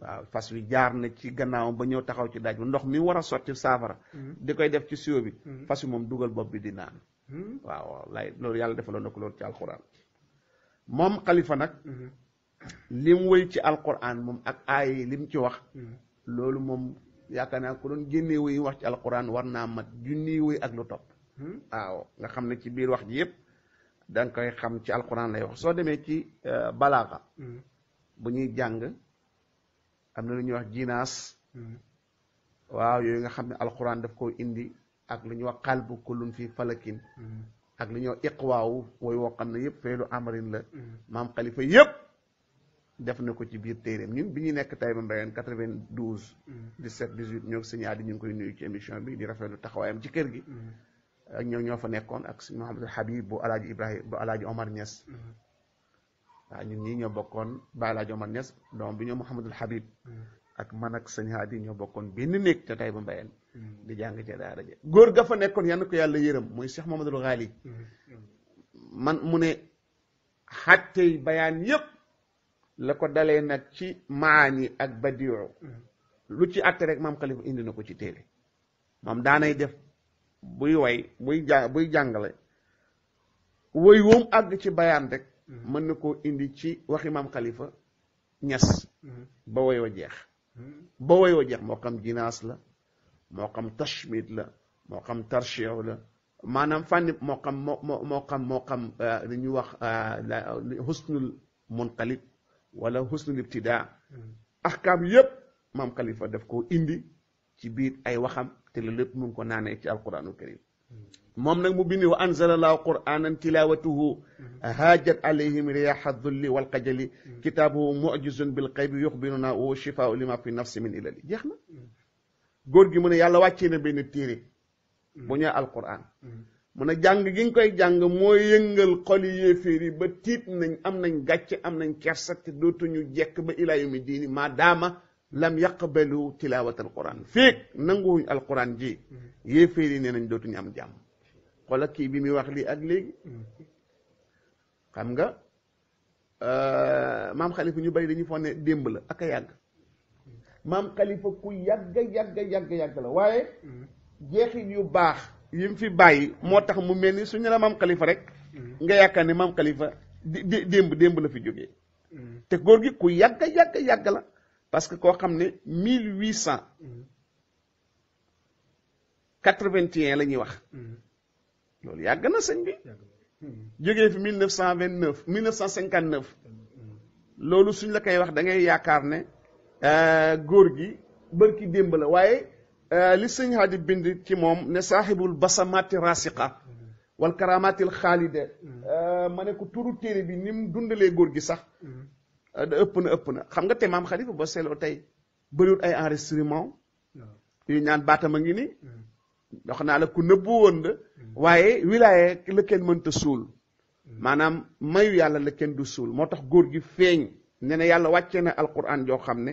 waaw fas wi jaar na ci gannaaw ba ñew taxaw ci daaj ndox mi wara sorti safara di koy def ci siwo bi fas wi moom dugal bi di naan Hmm? waaw waaw loolu yàlla defaloon na ko loolu ci alquran moom xalifa nag hmm. lim wëy ci alquran moom ak aay lim ci wax hmm. loolu moom yaakaar naa ko doon génnee wëy wax ci alquran war naa mat junniy wëy ak lu topp waaw nga xam ne ci biir wax ji yépp da koy xam ci alquran lay wax soo demee ci euh, balaaxa bu ñuy jàng am na lu ñuy wax jinaas waaw yooyu nga xam ne alquran daf koo indi ak lu wax xalbu kullun fii falakin ak lu ñuy wax iqwaawu wooy woo xam ne yëpp feelu amarin la maam xalifa yëpp def na ko ci biir téeréem ñun bi ñu nekk Taïba Mbayeen 92 17 18 ñoo sëñ Adi ñu ngi koy nuyu ci émission bi di rafetlu taxawaayam ci kër gi ak ñoo ñoo fa nekkoon ak sëñ Mouhamadou Habib bu alaaji Ibrahima bu alaaji Omar Niass waaw ñun ñii ñoo bokkoon ba alaaji Omar Niass doom bi ñoo Mouhamadou Habib ak man ak sëñ Haadi ñoo bokkoon benn néeg ca Tayba Mbayeen mm-hmm. di jàng ca daara ja góor ga fa nekkoon yal na ko yàlla yërëm mooy Cheikh Mamadou Ghali mm-hmm. man mu ne xàttey bayaan yëpp la ko dalee nag ci maani ak badiyo mm-hmm. lu ci àtte rek maam Khalifa indi na ko ci téere moom daanay def buy way buy ja buy jàngale woy woom àgg ci bayaan rek mën na koo indi ci waxi maam Khalifa ñas ba woy wa jeex ba woyoo jeex moo xam jinaas la moo xam tashmid la moo xam tarchiu la maanaam fànni moo xam moo moo moo xam moo xam euh, li ñuy wax euh, husnul munqalib wala husnul ibtidaa hmm. ahkaam yépp maam Khalifa daf koo indi ci biir ay waxam te la lépp mu ngi ko naanee ci alquraanul karim hmm. moom nag mu bindi wa anzalallahu qur'anan tilawatuhu haajat alayhim riyaha dhulli wal qajali kitaabuhu mu'jizun bil qaybi yuxbiruna wa shifaa'u lima fi nafsi min ilali jeex na góor gi mu ne yàlla wàccee na benn téere bu ñëw alquran mu ne jàng gi nga koy jàng mooy yëngal xol yi yéeféer yi ba tiit nañ am nañ gàcce am nañ kersa te dootuñu jekk ba ilaa yawmi diini maadaama lam yaqbalu tilawat alquran féeg nanguwuñ alquran ji yéeféer yi nee nañ dootuñu am jàmm xoolal kii bi muy wax lii ak léegi xam nga euh, maam xalifa ñu bari dañuy foog démb la ak a yàgg maam xalifa ku yàgg yàgg yàgg yàgg la waaye jeexit yu baax yi mu fi bàyyi moo tax mu mel ni su ñu la maam xalifa rek nga yaakaar ne maam xalifa di démb démb la fi jógee te góor gi ku yàgg yàgg yàgg la parce que koo xam ne mille huit cent quatre-vingt-un lañuy wax loolu yàgg na sëñ bi jógee fi 1929 1959 loolu suñ la koy wax dangay yaakaar ne euh, góor gi bërki démb la waaye euh, li sëñ Haadi bind ci moom ne saaxibul basamaati rasiqa wal karamatil xaalida euh, ma ne ko turu téere bi ni mu dundalee góor gi sax da ëpp na ëpp na xam nga te maam Xalifa ba seeloo tey bëriwut ay enregistrement yu ñaan baatam a ngi nii hmm. ndox naa la ku nëbboo woon la mm-hmm. waaye wilaaye la kenn mënta suul mm-hmm. maanaam mayu yàlla la kenn du suul moo tax góor gi feeñ ne na yàlla wàcce na alquran joo xam ne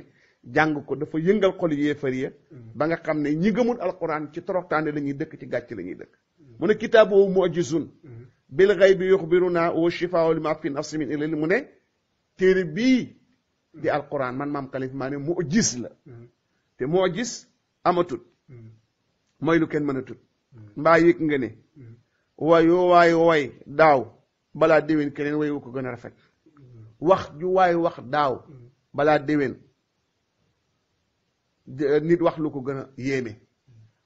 jàng ko dafa yëngal xol yéefar ya mm-hmm. ba nga xam ne ñi gëmul alquran ci toroxtaane la ñuy dëkk ci gàcc la ñuy dëkk mu ne kitaabu mujizun bi ghaybi yuxbiruna wa shifaa'u lima fi nafsi min ilal mu ne téere bii di alquran man maam kalif maa ne mujis la te mujis amatut mooy lu kenn mën a tut mbaa yëg nga ne waay oh, yoo oh, waay daaw balaa déwén keneen way ko gën a rafet wax ju waay wax daaw balaa déwén eh, nit wax lu ko gën a yéeme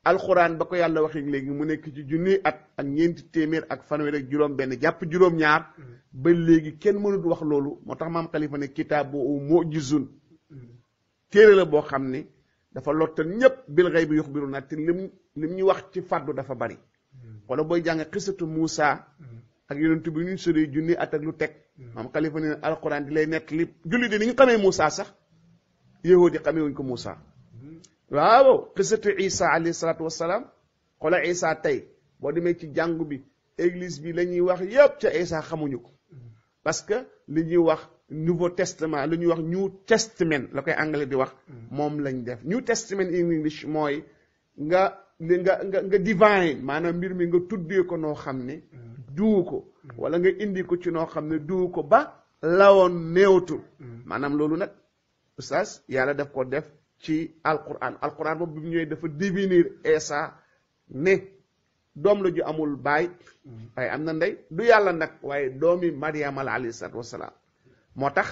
alxuraan ba ko yàlla waxee léegi mu nekk ci junniy at ak ñeenti téeméer ak fanweer ak juróom benn jàpp juróom ñaar ba léegi kenn mënut wax loolu moo tax maam xalifa ne kitaab boobu moo gisun téere la boo xam ni dafa lotte ñëpp bil ghaib bi yuxbiru na lim lim ñi wax ci faddu dafa bari hmm. wala boy jang xisatu musa hmm. ak yonent bi ñu sori jooni at ak lu tek hmm. mam khalifa ni alquran di lay nekk li julli di ni ñu xamee sax yahudi xamé wuñ ko musa waaw xisatu Isa alayhi salatu wassalam qala Isa tay bo demé ci jang bi église bi lañuy wax yépp ci Isa xamuñu ko parce que li ñi wax nouveau testament lu ñuy wax new testament la koy anglais di wax moom lañ def new testament in english mooy nga nga nga nga divine maanaam mbir mi nga tuddee ko noo xam ne duu ko wala nga indi ko ci noo xam ne duu ko ba lawoon néewtu maanaam loolu nag oustaz yàlla def ko def ci alquran alquran boobu bi mu ñëwee dafa devenir Esa ne doom la ju amul baay waaye am na ndey du yàlla nag waaye doomi Mariama la alayhi salaatu wasalaam moo tax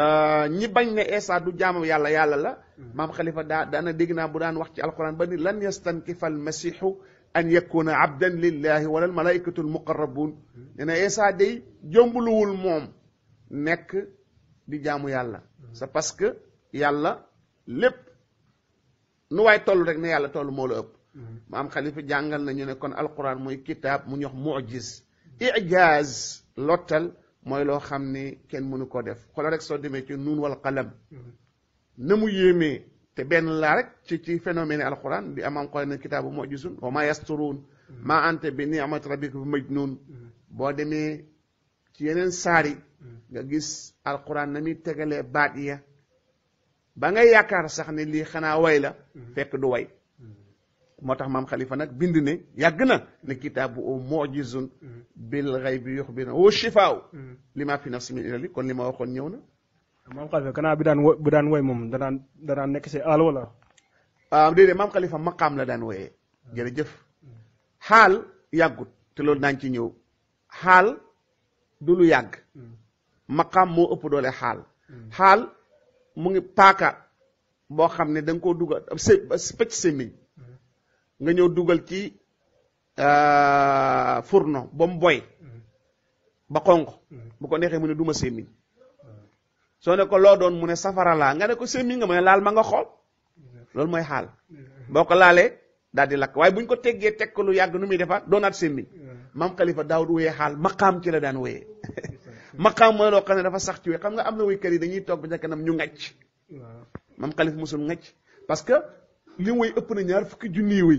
euh, ñi bañ ne Isa du jaamu yàlla yàlla la mm-hmm. maam xalifa daa daana dégg naa bu daan wax ci alquran ba ni lan yastankifa almasihu an yakuna abdan lillahi wala almalaikatu almuqarrabun mm-hmm. ne na Isa day jombuluwul moom nekk di jaamu yàlla mm-hmm. c'est parce que yàlla lépp nu waay toll rek ne yàlla toll moo la ëpp maam xalifa jàngal nañu ne kon alquran mooy kitaab mu ñox mujis ijaaz lottal mooy loo xam ne kenn mënu koo def xoolal rek soo demee ci nuun wal qalam mm-hmm. na mu yéeme te benn laa rek ci ci phénomène alxuraan bi amam xool na kitaabu mu'jizun wa ma yasturuun mm-hmm. ma anta bi ni'mati rabbika bi majnuun mm-hmm. boo demee ci yeneen saari nga gis alxuraan na muy tegalee baat ya ba nga yaakaar sax ni lii xanaa way la fekk du way moo tax maam xalifa nag bind ne yàgg na ne kitaabu o mojizun mm-hmm. bil xay bi yox bi na o shifaaw mm-hmm. li maa fi nafsi min ilali kon li ma waxoon ñëw na maam xalifa kanaa bi daan wo daan woy moom danaan danaan nekk si àll wala waaw ah, déedéet maam xalifa maqaam la daan woyee mm-hmm. jërëjëf xaal yàggut te loolu daañ ci ñëw xaal du lu yàgg maqaam moo ëpp doole xaal xaal mu ngi paaka boo xam ne da ko koo dugal pëcc sémmiñ nga ñëw dugal ci euh, fourneau ba mu boy ba xonq bu ko neexee mu ne du ma sémmiñ soo ne ko loo doon mu ne safara laa nga ne ko sémmiñ nga mu ne laal ma nga xool loolu mooy xaal boo ko laalee daal di lakk waaye bu ñu ko teggee teg ko lu yàgg nu muy defaat doonaat sémmiñ maam Khalifa daawut wéyee xaal maqaam ci la daan wéyee maqaam mooy loo xam ne dafa sax ci wéy xam nga am na kër yi dañuy toog ba ca kanam ñu ngacc maam Khalifa mosul ngacc parce li way ëpp na ñaar fukki junniy way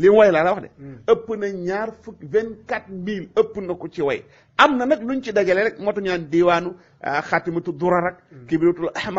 li mu way laa la wax de hmm. ëpp na ñaar fukki vingt quatre mille ëpp na ko ci way am na nag luñ ci dajale rek moo tax ñu naan diiwaanu ah, xaatimatu durar ak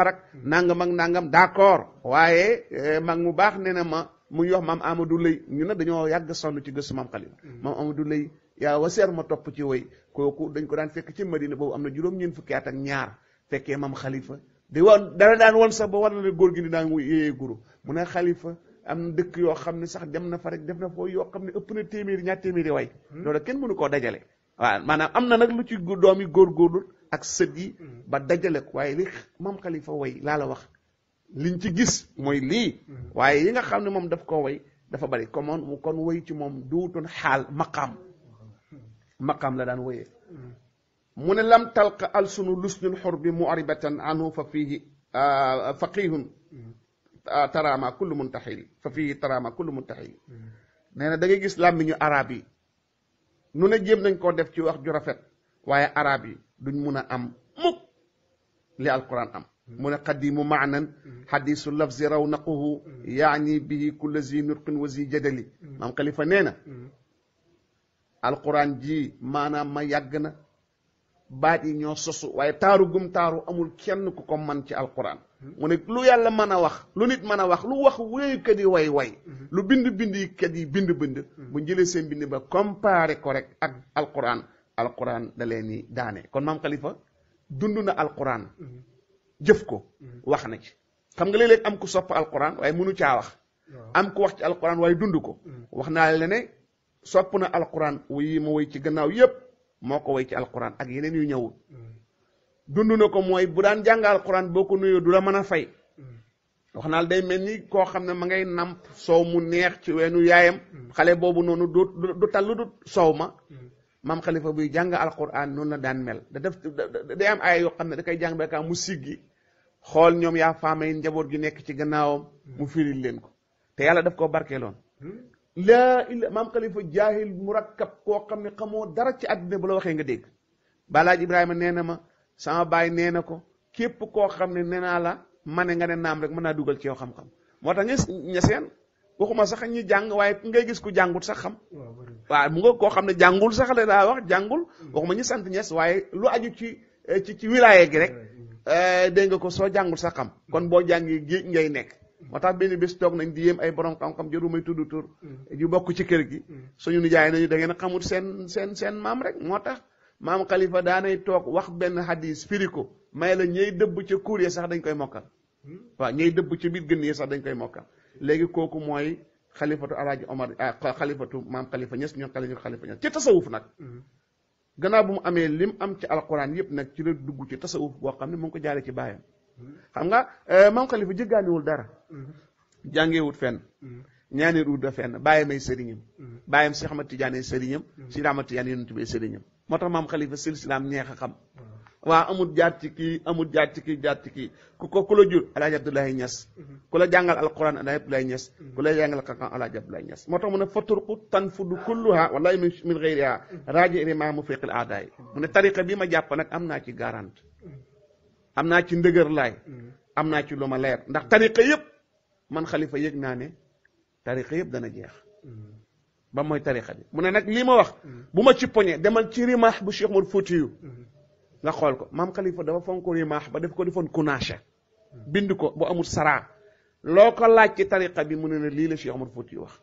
ak nangam ak nangam d'accord waaye eh, mag mu baax nee na ma mu ngi wax maam Amadou Lay ñu ne dañoo yàgg sonn ci gëstu maam Xalil hmm. maam du Lay yaa wa seer ma topp ci way kooku dañ ko daan fekk ci Madina boobu am na juróom-ñeent fukki at ak ñaar fekkee maam Xalifa di woon dara daan woon sax ba war na góor gi ni daan yéyee eh, guro mu ne xalifa am dëkk yoo xam ne sax dem na fa rek def na foo yoo xam ne ëpp na téeméeri ñaar téeméeri way hmm. loolu kenn mënu koo dajale waaw maanaam am na nag lu ci doom yi góorgóorlu ak sët yi hmm. ba dajale ko waaye li maam xalifa way laa wax liñ ci gis mooy lii hmm. waaye yi nga xam ne moom daf koo way dafa bari mu kon way ci moom duutoon xaal maqaam makaam la daan woyee من لم تلق ألسن لسن الحرب معربة عنه ففيه آه، فقيه آه، ترى ما كل منتحل ففيه ترى ما كل منتحل نانا داغي غيس من عربي نونا جيم نانكو ديف سي واخ جو عربي دون مونا ام موك لي القران ام من قديم معنى حديث اللفظ رونقه يعني به كل زي نرق وزي جدلي مام خليفه نينا القران جي معنى ما يغنا baat yi ñoo sosu waaye taaru gum taaru amul kenn ku ko man ci alquran mu ne lu yàlla mën a wax lu nit mën a wax lu wax wéykat yi way way mhm. lu bind bind yi kat yi bind bind mhm. bu njëlee seen bind ba comparé ko rek ak alxuraan alquran da leen ni daane kon maam Khalifa dund na alquran mhm. jëf ko wax na ci xam nga léeg-léeg am ku sopp alquran waaye mënu caa wax am ku wax ci alquran waaye dund ko wax naa la sopp na alquran wuyi ma woy ci gannaaw yépp moo ko way ci alquran ak yeneen yu ñëwul mm. dund na ko mooy bu daan jàng alquran boo ko nuyoo du la mën a fay mm. day mel ni koo xam ne ma ngay namp soow mu neex ci weenu yaayam mm. xale boobu noonu du du tal lu du soow ma maam xalifa buy jàng alquran noonu la daan mel da def day am ay yoo xam ne da kay jàng bekaa mu siggi xool ñoom yaa faamay njaboot gi nekk ci gannaawam mu firil leen ko te yàlla daf koo barkeeloon laa illa maam xalifa jaahil murakkab koo xam ne xamoo dara ci àddina bu la waxee nga dégg balaaji ibrahima nee na ma sama baay nee na ko képp koo xam ne nee naa la ma ne nga ne naam rek mën naa dugal ci yow xam moo tax ña waxuma sax ñi jàng waaye ngay gis ku jàngut sax xam waaw mu koo xam ne jàngul sax la daa wax jàngul waxuma ñi sant ñes waaye lu aju ci ci ci wilaaye gi rek mm. eh, dégg nga ko soo jàngul sax xam kon boo jàngi géej ngay nekk moo tax benn bés toog nañ di yéem ay borom xam-xam jëru may tudd tur ju mm. bokk ci kër gi mm. suñu nijaay nañu da ngeen xamut seen seen seen maam rek moo tax maam xalifa daanay toog wax benn hadis firi ko may la ñey dëbb ca cour ya sax dañ koy mokkal mm. waaw ñey dëbb ci biir gën ya sax dañ koy mokkal léegi kooku mooy xalifatu alaaji omar xalifatu ah, maam xalifa ñes ñoo xalifa xalifa ñes ci tasawuf nag gannaaw bu mu amee lim am ci alquran yépp nag ci la dugg ci tasawuf boo xam ne mu ngi ko jaare ci bàyyam xam nga euh, maam xalifa jëggaaniwul dara jàngeewut fenn ñaanee ruut da fenn bàyyam ay sëriñam bàyyam si Ahmad Tidiane ay sëriñam si Ahmad Tidiane yonent bi ay sëriñam moo tax maam xalifa silsilaam ñeex xam waa amul jaar ci kii amul jaar ci ku ko ku la jur alaaji abdoulaye ñes ku la jàngal alquran alaaji abdoulaye ñes ku la jàngal kankan alaaji abdoulaye ñes moo tax mu ne fa turqu tanfudu kulluha wallahi min min gayriha raaji irimaa mu féqil aadaay mu ne tariqa ma jàpp nag am naa ci garante amna ci ndëgër lay amna ci luma leer ndax tariqa yëpp man khalifa yëg naa ne tariqa yëpp dana jeex ba mooy tariqa bi mu ne nag lii ma wax bu ma ci poñe demal ci rimaax bu Cheikh Mor Foutiyu nga xool ko maam khalifa dafa fonk rimaax ba def ko defoon kunaacha bind ko bu amul sara loo ko laaj ci tariqa bi mu ne ne lii la Cheikh Mor Foutiyu wax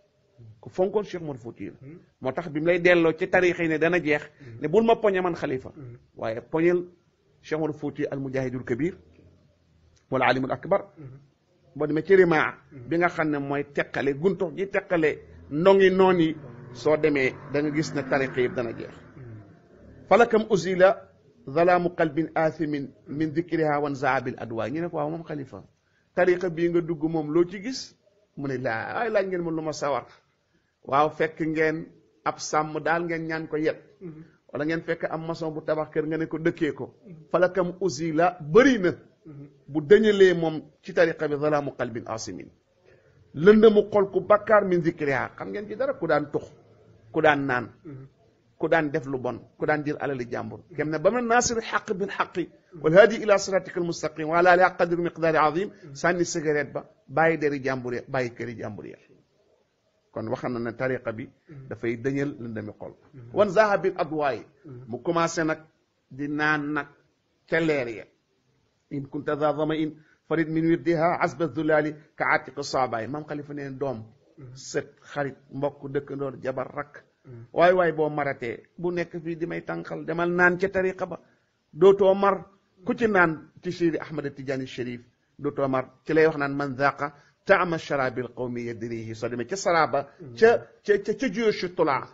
ko fonkoon Cheikh Mor Foutiyu moo tax bi mu lay delloo ci tariqa yi ne dana jeex ne bul ma poñe man khalifa waaye poñel شمر فوتي المجاهد الكبير والعالم الأكبر bon ma ci rima bi nga xam ne mooy teqale guntux ji teqale ndongi noon yi soo demee da nga gis ne tariqa yëpp dana jeex falakam usila zalaamu qalbin aathimin min dikriha wan zaabil adwa ñu ne ko waaw moom xalifa tariqa bii nga dugg moom loo ci gis mu ne laa ay laaj ngeen ma lu ma sawar waaw fekk ngeen ab sàmm daal ngeen ñaan ko yet wala ngeen fekk am maçon bu tabax kër nga ne ko dëkkee ko falakam aussi la bëri na bu dëñalee moom ci tariqa bi zalaamu qalbin asimin lënd mu xol ku bakkaar min zikriha xam ngeen ci dara ku daan tux ku daan naan ku daan def lu bon ku daan jël alali jàmbur kem ne ba mu naasiri xaq bin xaqi walhaadi ila siratika al almustaqim wala ali qadri miqdari azim sànni cigarette ba bàyyi deri jàmbur ya bàyyi këri jàmbur kon waxam na ne tariqa bi dafay dëñal lëndami xol wan zahabil adwaay mu commencé nag di naan nag ca leer ya in kunta za zama in farid min wirdiha asba dulaali ka atiqu saabaay maam xalifa neen doom sët xarit mbokk dëkkandoor jabar rakk waay waay boo maratee bu nekk fii di may tànqal demal naan ca tariqa ba dootoo mar ku ci naan ci Seydi Ahmad Tijaani Chérif dootoo mar ci lay wax naan man zaqa تعمل الشرائب القومية دريه صدمة كسرابة كجيوش الطلع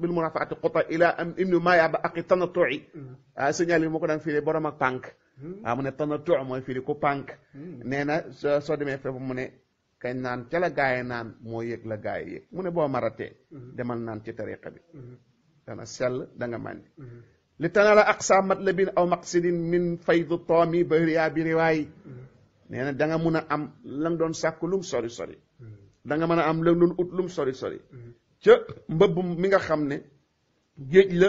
بالمرافعة القطع إلى إنه ما يبقى التنطعي آه، سنيالي مقدم في برمك بانك آه، من التنطع ما في لكو بانك نينا صدمة في من كان نان تلا غاي نان مو يك لا غاي يك من بو مرتي دمال نان تي طريقة بي دانا سل دانا مان لتنال اقسام مطلب أو مقصد من فيض الطامي بريا برواي nee na da nga mun am la nga doon sàkku lum sori sori hmm. da nga mën am la nga doon ut lum sori sori hmm. ca mbëbb mi nga xam ne géej la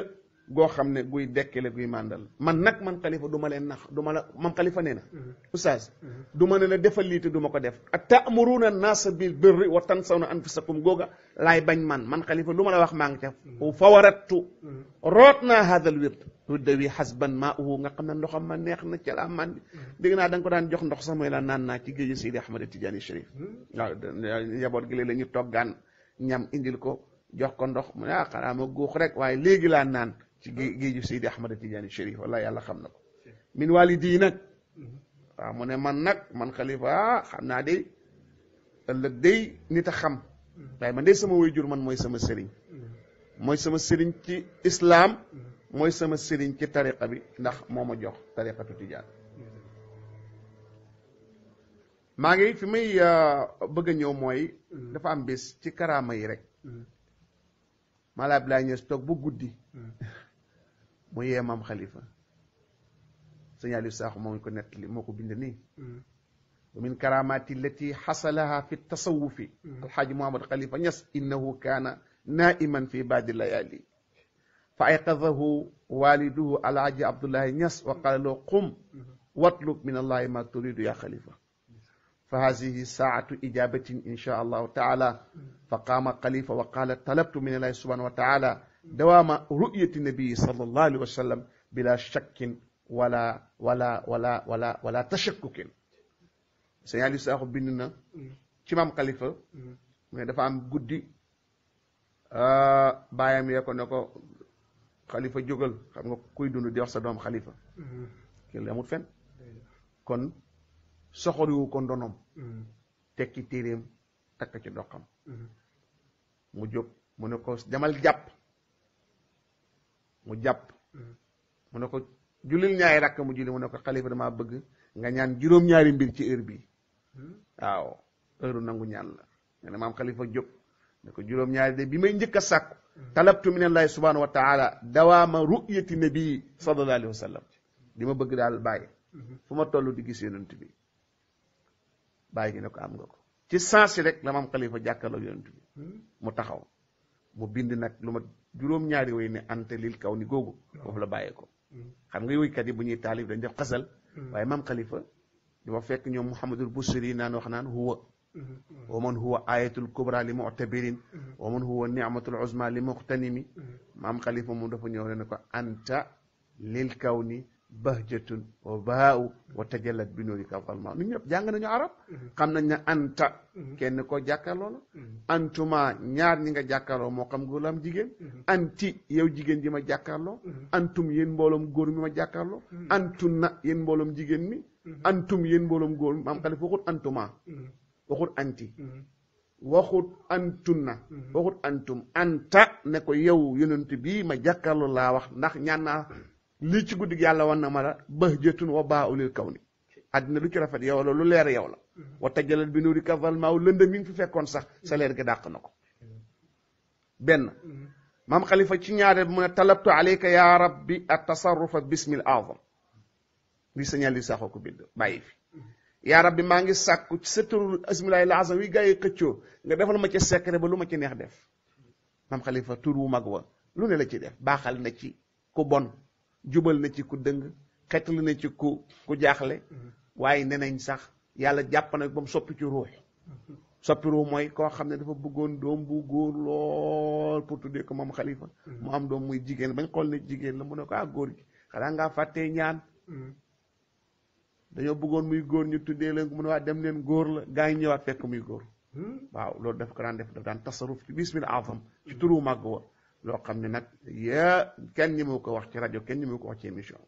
goo xam ne guy dekke dekkele guy màndal man nag man xalifa duma leen nax duma la man xalifa nee na mm-hmm. oustaz mm-hmm. du ma ne la defal lii te du ko def ak taamuruuna naasa bil birri wa tansawna anfusakum googa laay bañ man man xalifa lu ma la wax maa ngi ca mm-hmm. fawarattu root na haadal wird lu dawi xasban maa uhu nga xam ne ndoxam ma neex na ca laa man dégg naa da ko daan jox ndox sax mooy la naan naa ci géeju Seydi Ahmad Tidiane Chérif waaw njaboot gi léeg la ñu toggaan ñam indil ko jox ko ndox mu ne ah xanaa rek waaye léegi laa naan ci geejju Seydi Ahmad Tidiane cherif wala yalla xamna ko min walidi nak wa mu ne man nak man khalifa xamna naa ëlëk ëllëg day xam bay man day sama wayjur man moy sama sëriñ moy sama sëriñ ci islam moy sama sëriñ ci tariqa bi ndax moma jox tariqa Tidiane ma ngi fi may euh, bëgg ñëw moy dafa am bés ci karama yi rek malaab laa ñës toog bu guddi moy imam khalifa seigne ali sax mo ngi ko net li moko bind ni wa min karamati lati hasalaha fi at-tasawuf al alxaaji muhammad khalifa Ñas innahu kana naiman fi baadi layali fa ayqadahu waliduhu alxaaji Abdullahi Ñas wa qala loo qum watlub min allahi ma turidu ya xalifa fa hadihi saatu ijabatin insha allahu taala fa qaama xalifa wa qala talabtu min allahi subhanahu wa taala دوام رؤية النبي صلى الله عليه وسلم بلا شك ولا ولا ولا ولا ولا تشكك سيالي ساخو بيننا تي مام خليفة مي دا فام غودي ا بايام يكو خليفة جوجل خمغا كوي دوندو دي وخ خليفة كي لامول فين كون سخور يو كون دونوم تيكي تيريم تاكا سي دوخام مو جوب جمال جاب mu japp mu ne ko julil ñaari rakk mu julli mu ne ko xalifa dama bëgg nga ñaan juróom-ñaari mbir ci heure bi waaw heure nangu ñaan la ne maam xalifa jóg ne ko juróom-ñaari de bi may njëkk a sàkku talabtu min allahi subhanahu wa taala dawama ru'yati nabi sallallahu alayhi wasallam dima ma bëgg daal bàyyi fu ma toll di gis yonent bi bàyyi gi ne ko am nga ko ci sens rek la maam xalifa jàkkaarloo yonent bi mu taxaw mu bind nag lu ma juróom-ñaari way ne ante lil kaw ni googu foofu la bàyyee ko xam nga woykat yi bu ñuy taalif dañ def xasal mm. waaye maam xalifa dafa fekk ñoom mouhamadul busiri naan wax naan huwa mm-hmm. wa man huwa ayatul kubra li muctabirin mm-hmm. wa man huwa nicmatul uzma li muqtanimi mm-hmm. maam xalifa moom dafa ñëw ne ko anta lil kaw ni bahjatun wa baau wa tajallat bi nuuri ka falma nu ñëpp jàng nañu arab xam nañ ne anta kenn koo jàkkaarloo la antuma ñaar ñi nga jàkkaarloo moo xam góor la am jigéen anti yow jigéen ji ma jàkkaarloo antum yéen mbooloom góor mi ma jàkkaarloo antunna yéen mbooloom jigéen mi antum yéen mbooloom góor mi maam xalif waxut antuma waxut anti waxut antunna waxut antum anta ne ko yow yonent bii ma jàkkaarloo laa wax ndax ñaan naa lii ci guddig yàlla wan na ma la bahjatun wa baa ulil kaw ni àddina lu ci rafet yow la lu leer yow la wa tajalal bi nuuri kaval maaw lëndëm mi ngi fi fekkoon sax sa leer gi dàq na ko benn maam xalifa ci ñaareel mu ne talabtu alayka ya rabbi at tasarrufa bismil azam li sañal li saxoo ko bind bàyyi fi yaa rabbi maa ngi sàkku ci sa turul ismilahi lazam wi gars yi xëccoo nga defal ma ca secret ba lu ma ci neex def maam xalifa tur wu mag wa lu ne la ci def baaxal na ci ku bon jubal na ci ku dëng xetlu na ci ku ku jaaxle mm-hmm. waaye nee nañ sax yàlla jàpp na ba soppi ci ruux mm-hmm. soppi ruux mooy koo xam ne dafa bëggoon doom bu góor lool pour tuddee ko moom xalifa mm-hmm. mu am doom muy jigéen bañ xool ne jigéen la mu ne ko ah góor gi xanaa ngaa fàttee ñaan dañoo bëggoon muy góor ñu tuddee leen mu ne waa dem leen góor la gaa ngi ñëwaat fekk muy góor waaw loolu def ko daan def daf daan tasaruf ci bismil azam ci turu màgg wa loo xam ne nag yaa kenn ñi mu ko wax ci rajo kenn ñi mu ko wax ci émission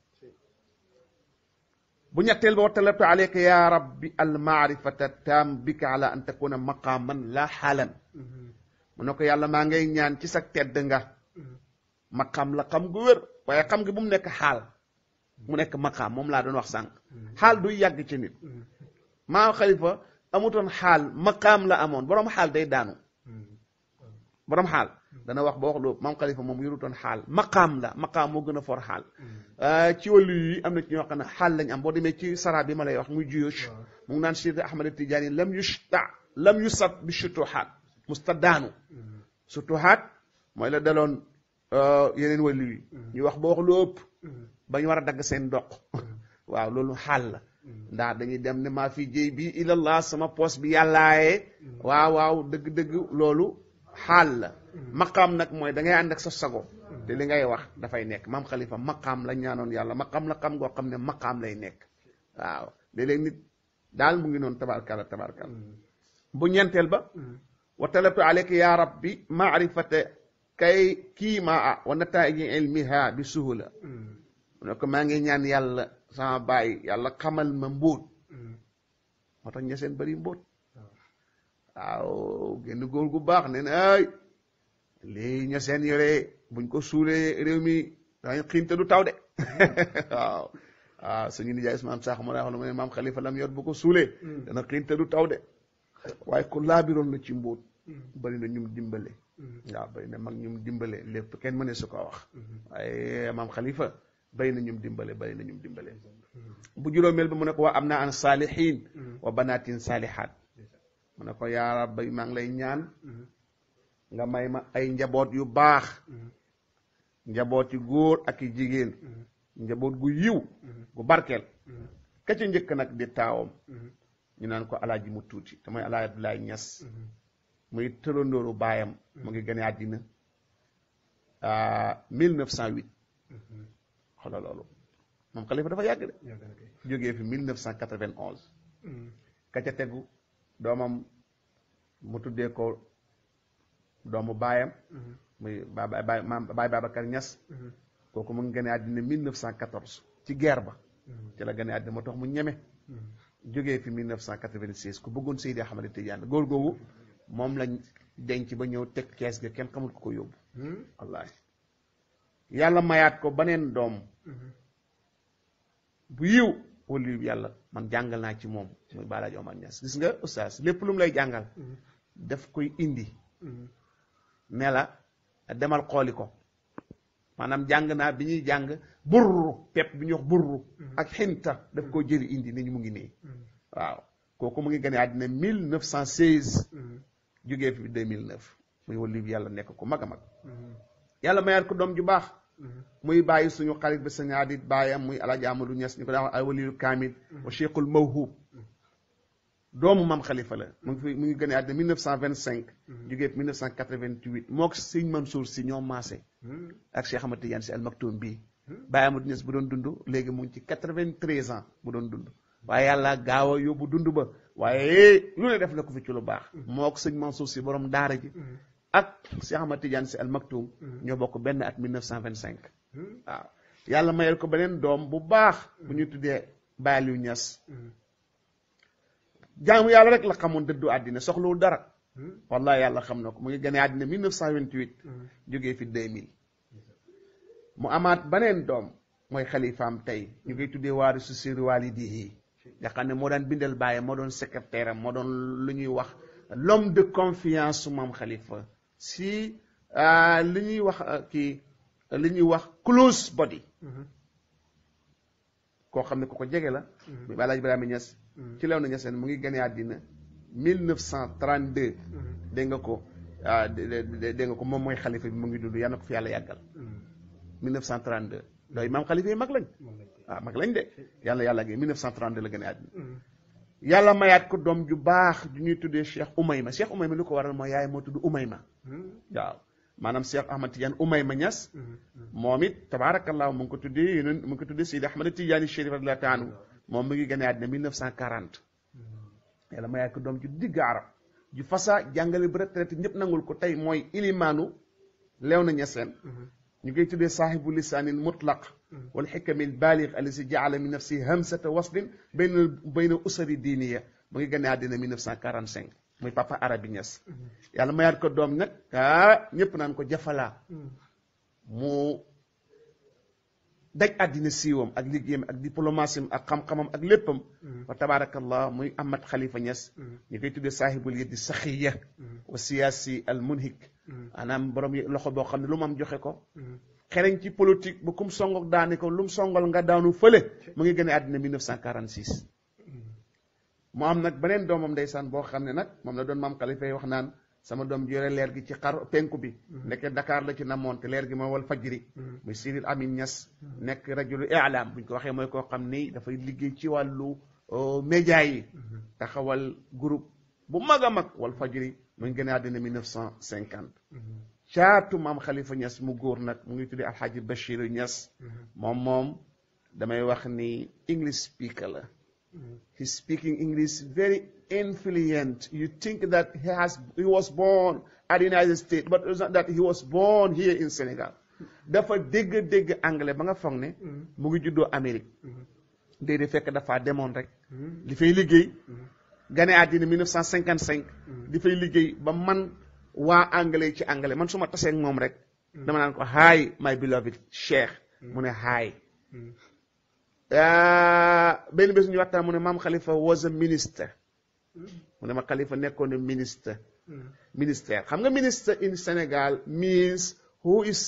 bu ñetteel ba watalabtu alayka ya rabbi almaarifata taam bika ala an takuna maqaaman la xaalan mu ne ko yàlla maa ngay ñaan ci sa tedd la xam gu waaye xam bu mu nekk xaal mu nekk maqaam moom laa doon wax sànq xaal du yàgg ci nit maa xalifa amutoon xaal maqaam la amoon boroom xaal day daanu boroom xaal dana wax ba wax loolu maam xalifa moom yorutoon xaal maqaam la maqaam moo gën a for xaal mm. euh, ci wàllu am na ci ñoo xam xaal lañ am boo demee ci sara bi ma lay wax muy jiyóoc mu ngi naan Cheikh Ahmad Tijaani lam yusta lam yusat bi sutuhaat mustadaanu mm. sutuhaat mooy la daloon euh, yeneen wàllu yi mm. ñu wax ba wax lu ëpp ba war a dagg seen doq waaw loolu xaal la ndax dañuy dem ne maa fi jéy bi ilallah sama poos bi yàllaaye waaw waaw dëgg-dëgg loolu xaal la maqam nak moy da ngay and ak sa sago te li ngay wax makam nek mam khalifa maqam la ñaanon yalla maqam la xam go xamne ne maqam lay nek waaw de léeg nit dal mu ngi non tabarkala tabarkala bu ñentel ba wa talabtu alayka ya rabbi ma'rifata kay kiimaa wa nataaji ilmiha bi suhula mu ko ngi ñaan yalla sama bay yalla xamal ma mbóot motax tax seen waaw gu baax neen ay li ña seen yore buñ ko suulee réew mi daañu xiin te du taw de mm. waaw waaw ah, suñu nijaay Ismaam Saax ma lay wax lu ma ne maam Xalifa lam yor boo ko suulee. Mm. dana xiin te du taw de. waaye ku laabiroon la ci mbóot. Mm. bari na ñum dimbale. waaw bari na dimbale lépp kenn mënee su ko wax. Mm-hmm. waaye maam Xalifa na ñum dimbale bari na ñum dimbale. bu mu ne ko waa am naa an saalihiin. wa banaatin saalihaat. mu ne ko yaa rabbi maa lay ñaan. Mm-hmm. nga may ma ay njaboot yu baax njaboot yu góor ak i jigéen njaboot gu yiw gu barkeel ka ca njëkk nag di taawam ñu naan ko alaaji mu tuuti te mooy alaaji Abdoulaye Niass muy tërandooru baayam mu ngi gane àddina mille neuf cent huit xoolal loolu moom xalifa dafa yàgg de jógee fi mille neuf cent quatre-vingt-onze mm. ka tegu doomam mu tuddee ko doomu baayam mm-hmm. muy baay baay baay Babacar Niass mm-hmm. kooku mu ngi gane àddina 1914 ci guerre ba mm-hmm. ci la gane àddina moo tax mu ñeme jógee fi 1996 ku bëggoon Seydi Ahmad Tidiane góor googu moom lañ denc ba ñëw teg kees ga kenn xamul ku ko yóbbu wallaahi yàlla mayaat ko baneen doom bu yiw waliyu yàlla man jàngal naa ci moom muy Balaji Omar Niass gis nga oustaz lépp lu mu lay jàngal daf koy indi ne la demal xooli ko maanaam jàng naa bi ñuy jàng burru pepp bu ñuy wax burru mm-hmm. ak xinta daf koo jëri indi ne mu ngi nii mm-hmm. waaw kooku mu ngi gane àddina mille neuf cent seize mm-hmm. jógee fi deux mille neuf muy wàllu bi yàlla nekk ko mag a mag yàlla mayaat ko doom ju baax muy bàyyi suñu xarit bi sanga dit bàyyam muy alaaji Amadou Niass ñu ko daan wax al waliyu kaamil wa cheikhul mawhub doomu mam xalifa la mu ngi fi mu ngi gën a 1925. jugee 1988 moog sëñ Mansour si ñoo maase. Mm-hmm. ak Cheikh Ahmad Tidiane si maktoum bii. Mm-hmm. Baye Amadou bu doon dund léegi mu ngi ci 93 ans bu doon dund. waaye yàlla gaaw a yóbbu dund ba waaye lu ne def la ko fi ci lu baax. Mm-hmm. moog sëñ Mansour si borom daara ji. ak Cheikh Ahmad Tidiane si maktoum. ñoo bokk benn at 1925. waaw yàlla mayal ko beneen doom bu baax. bu ñu tuddee Baye Aliou Niass jaamu yalla rek la xamone deddu adina soxlawul dara hmm? wallahi yalla xamna ko mu ngi gane adina 1928 jógee fi 2000 mu amaat banen dom moy khalifam tay ñu ngi tuddé warisu sir siri waalidihi nga xam ne moo daan bindal bàyyi moo doon secrétaire mo moo lu ñuy wax l'homme de confiance su maam khalifa si euh, li ñuy wax euh, ki li ñuy wax close body hmm. ko xam ko ko jege la bi hmm. Alaaji ibrahim ñess ci lew na ñaseen mu ngi gëné adina 1932 de nga ko ah, de nga ko mom moy khalifa bi mu ngi dund yàlla ko fi yalla yagal 1932 doy mam khalifa yi mag lañ ah mag lañ de yalla yalla gi 1932 la gëné adina mm-hmm. yalla mayat ko dom ju bax ju ñuy tuddé cheikh umayma cheikh umayma lu ko waral mo yaay mo tuddu umayma mm-hmm. waaw manam cheikh ahmad tidiane umayma ñas momit mm-hmm. tabarakallah mu ngi ko tuddé mu ngi ko tuddee sidi ahmad tidiane cheikh radiallahu taala moom mi ngi gane àddina 1940 yàlla ma yàgg doom ju digg arab ju fasa jàngale ba retraité ñëpp nangul ko tey mooy ilimaanu leew na ñeseen ñu koy tuddee saaxibu lisaanil mutlaq mm-hmm. wal xikamil baalix alisi jaala min nafsi hamsata waslin bayna usari diiniya mu ngi gane àddina 1945 muy papa arabi ñes mm-hmm. yàlla mayaat ko doom nag ah ñëpp naan ko jafalaa mm-hmm. daj adina siwam ak liggéeyam ak diplomatie ak xam-xamam ak léppam wa mm-hmm. tabarakallah muy Ahmad Khalifa Niass mm-hmm. ñu koy tuddee saahibul yeddi saxiya mm-hmm. wa siyasi al munhik anam borom loxo boo xam ne lu mu joxe ko xereñ ci politique ba kum songoog daani ko lum songol nga daanu fële mu ngi gën adina 1946 mu am nag beneen doomam ndeysaan boo xam ne nag moom la doon maam Khalifa wax naan sama doom jore leer gi ci xar penku bi mm-hmm. nekk dakaar la ci namoon te leer gi mooy wal fajri mm-hmm. muy Sidil Amin ñas mm-hmm. nekk rajulu i'lam buñ ko waxee mooy koo xam ni dafay liggéey ci wàllu euh, média yi taxawal groupe bu mag a mag wal fajri mu ngi gën àddina mille neuf cent cinquante caatu maam Khalifa Niass mu góor nag mu ngi tuddee Alhaji Bachir Niass moom moom damay wax ni English speaker la influent. You think that he, has, he was born at the United States, but it's not that he was born here in Sénégal. Therefore, dégg-dégg anglais banga nga foog ne. Mm-hmm. mu ngi juddoo Amérique. Mm-hmm. déedéet fekk dafa demoon rek. Mm-hmm. di fay liggéey. gane àddina 1955. di fay liggéey ba man waa anglais ci anglais man su ma tasee ak moom rek. dama naan ko hi my beloved Cheikh. mu ne hi. Ah, benn bés ñu waxtaan mu ne Khalifa was a minister mu ne ma Khalifa nekkoon na ministre. Hmm. ministère xam nga minister in Senegal means who is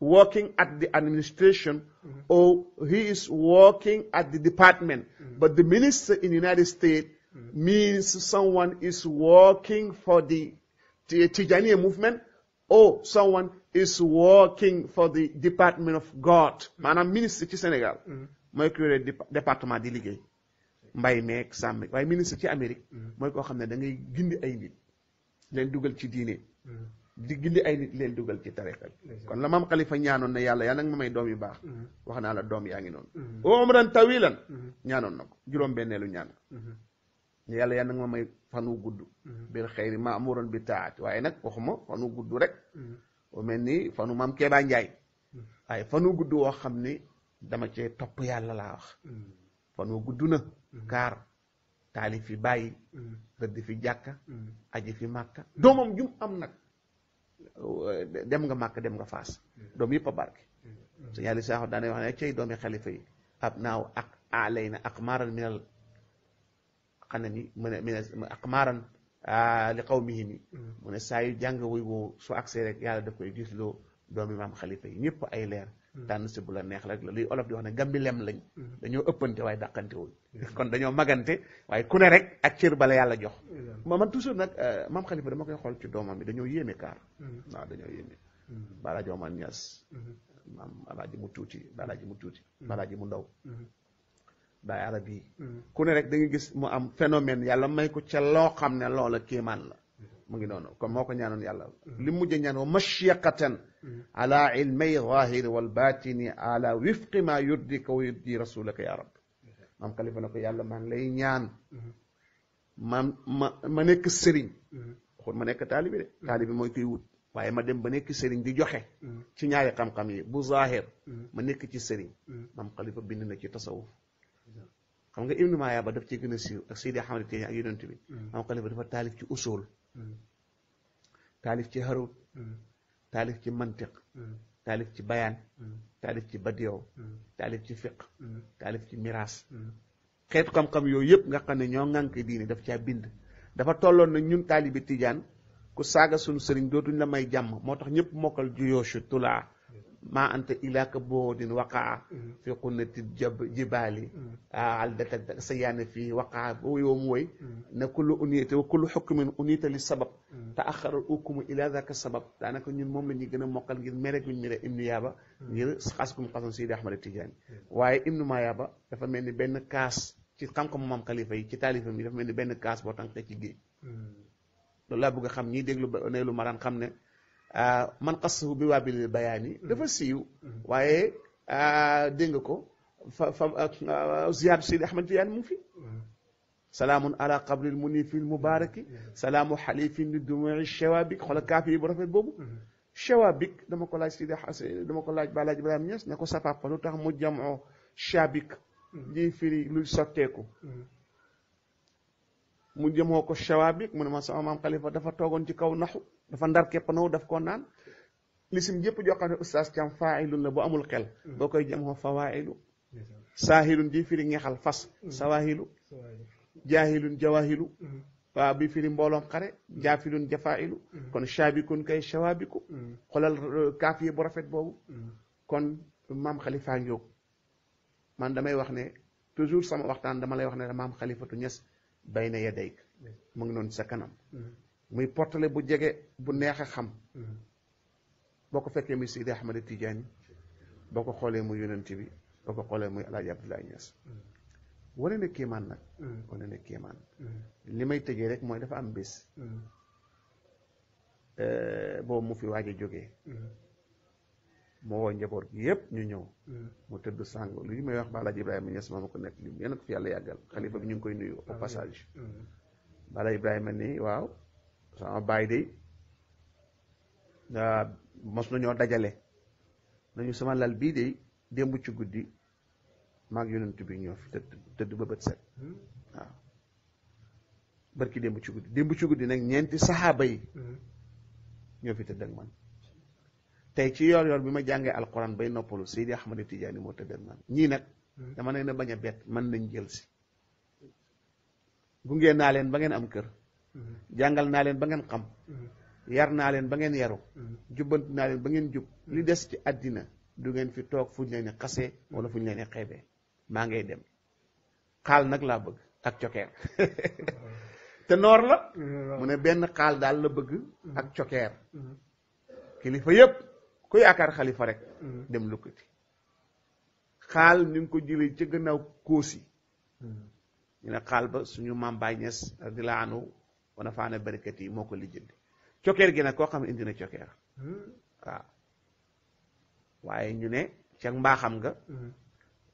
working at the administration hmm. or he is working at the department hmm. but the minister in United States means someone is working for the Tijaniya movement or someone is working for the department of God maanaam ministre ci Sénégal mooy kuréel département di liggéey mbay meek sàmm waaye ministre ci amérique mm. mooy koo xam ne da ngay gindi ay nit leen dugal ci diine mm. di gindi ay nit leen dugal ci tariqa kon la mam xalifa ñaanoon na yàlla yàlla nag may doom yu baax mm. wax la doom yaa ngi o umran tawilan ñaanoon na ko juróom benneelu ñaan ne yàlla yàlla nag ma may fanu gudd bir xeyri maamuron bi taat waaye nag waxuma fanu gudd rek o mel ni fanu mam keebaa njaay waaye fanu gudd woo xam ni dama cee topp yàlla laa wax kon wa gudduna mm-hmm. kar tali fi bàyyi mm-hmm. redd fi jakka mm-hmm. aji fi makka domam jum am nak dem nga makka dem nga fas dom yepp barke so yalla saaxo daane wax ne cey domi mil yi ab akmaran ak alayna aqmaran minal xanami mën a li qawmihim mun ni jang ne wuy su accès rek yalla da koy lo domi mam khalifa yi ñepp ay leer Hmm. tànn si bu la neex rek la luy olof di wax ne gambi lem lañ hmm. dañoo ëppante waaye dàqante wuñ hmm. kon dañoo magante waaye ku ne rek ak cër bala yàlla jox ma man toujours nag euh, maam Khalifa dama koy xool ci doomam bi dañoo yéeme kaar waaw dañoo yéeme Balaa Joomaan Ñas maam alaaji tuuti balaaji mu tuuti balaaji mu ndaw baay arab yi ku rek da gis mu am phénomène yàlla may ko ca loo xam ne loola kéemaan la mu ngi noonu comme moo ko ñaanoon yàlla mm-hmm. li mujj ñaan wa mashiqatan mm-hmm. ala ilmay zahiri wal batini ala wifqi ma yurdika wa yurdi rasulaka ya rab maam xalifa ne ko yàlla maa ngi lay ñaan mm-hmm. maam ma ma nekk sëriñ xul ma nekk taalibi de taalibi mooy koy wut waaye ma dem ba nekk sëriñ di joxe ci ñaari xam-xam yi bu zahir ma nekk ci sëriñ maam xalifa bind na ci tasawuf xam nga ibnu Mayaaba daf ci gën a siiw ak Seydi Ahmad Tijaan ak yonent bi mm. am xalifa dafa taalif ci usul mm. taalif ci harut mm. taalif ci mantiq taalif ci bayaan taalif ci badiyow taalif ci fiq taalif ci miraas xeet xam-xam yooyu yëpp nga xam ne ñoo ŋànk diine daf caa bind dafa tolloon na ñun taalibi tijaan ku saaga sunu sëriñ dootuñ la may jàmm moo tax ñëpp mokkal juyoochu tulaa ma anta ilaka boodin waqaa mm. fi qunnati jibaali mm. aldatak sayaana fii waqaa bo yoom wooy mm. ne kullu unité wa kullu xukmin unité li sabab te axara ukumu ila daka sabab daanaka ñun moom la ñuy gën a mokkal ngir mere guñ mere ibnu yaaba ngir xaaskum xasan sidi ahmad tijaani waaye ibnu mayaaba dafa mel ni benn kaas ci xam-xamu maam xalifa yi ci taalifam yi dafa mel ni benn kaas boo tànkee ci géej loolu laa a xam ñiy déglu ba maraan xam ne man xassahu bi waa bil bayaani dafa siiw waaye dégg nga ko fa fa ziyaadu Ahmad Tidiane mu fi salaamun ala qabril munifi l mubaraki salaamu xalifin li dumui shawabik xoolal kaafi bu rafet boobu shawabik dama ko laaj Seydi dama ko laaj Balaaj Ibrahima Niass ne ko sa papa lu mu jamoo shabik di firi luy sotteeku mu jëmoo ko shawabik mu ne ma sama maam Xalifa dafa toogoon ci kaw naxu dafa ndar keppanaw daf ko naan lisim jëpp joo xam ne ustaas cam faailun la bu amul xel boo koy jam xoo fawailu ya, saahilun ji firi ngexal ya fas hmm. sawahilu jaahilun jawahilu hmm. waaw bi firi mbooloom xare hmm. jaafilun jafailu kon shaabikun kay shawabiku xoolal eh, kaafiye bu rafet boobu kon maam xalifaa njóog man damay wax ne toujours sama waxtaan dama lay wax ne maam xalifatu ñes bayna yadayk mu ngi sa kanam muy portale bu jege bu neex a xam mm-hmm. boko ko mi Sidi Ahmed Tidiane boko ko mu muy yonent bi boo ko xoolee muy Alaaji Abdoulaye Niass mm-hmm. wane ne kéemaan nag mm-hmm. wane ne kéemaan li may tëjee rek moy dafa am euh bo mu fi waaj a mo wo njabor njaboot gi yëpp ñu ñëw mu tëdd sàng li may wax balaj ibrahim Niass ko nek ko fi yalla yagal khalifa bi ñu koy nuyu au passage Bala ibrahim ni waw sama baay day mos nañu dajalé nañu sama lal bi day dembu ci guddi maag yonent bi ñoo fi tëdd ba bët set hmm. barki dembu ci guddii dembu ci guddii nak ñenti sahaba yi hmm. ñoo fi tëdd ak man tay ci yor yor bima jangé alcorane bay noppalu seydi ahmad tidiane mo tëdd ak man ñi nak hmm. dama leen baña bet man jël si ngeen na len ba ngeen am kër jangal na leen ba ngeen xam mm-hmm. yar naa leen ba ngeen yaru mm-hmm. jubbant naa leen ba ngeen jub mm-hmm. li des ci àddina du ngeen fi toog fuñ leen xasee wala fuñ leen xeebee maa ngay dem xaal nag laa bëgg ak cokeer te noor la mu ne benn xaal daal la bëgg ak cokeer kilifa yépp ku yaakaar xalifa rek dem lukkati xaal ñu ko jëlee ci gannaaw kóosi ñu ne ba suñu mam wa nafaana barakati moo ko lijjanti cokkeer gi nag koo xam indi na cokkeer waaw waaye ñu ne ca mbaaxam nga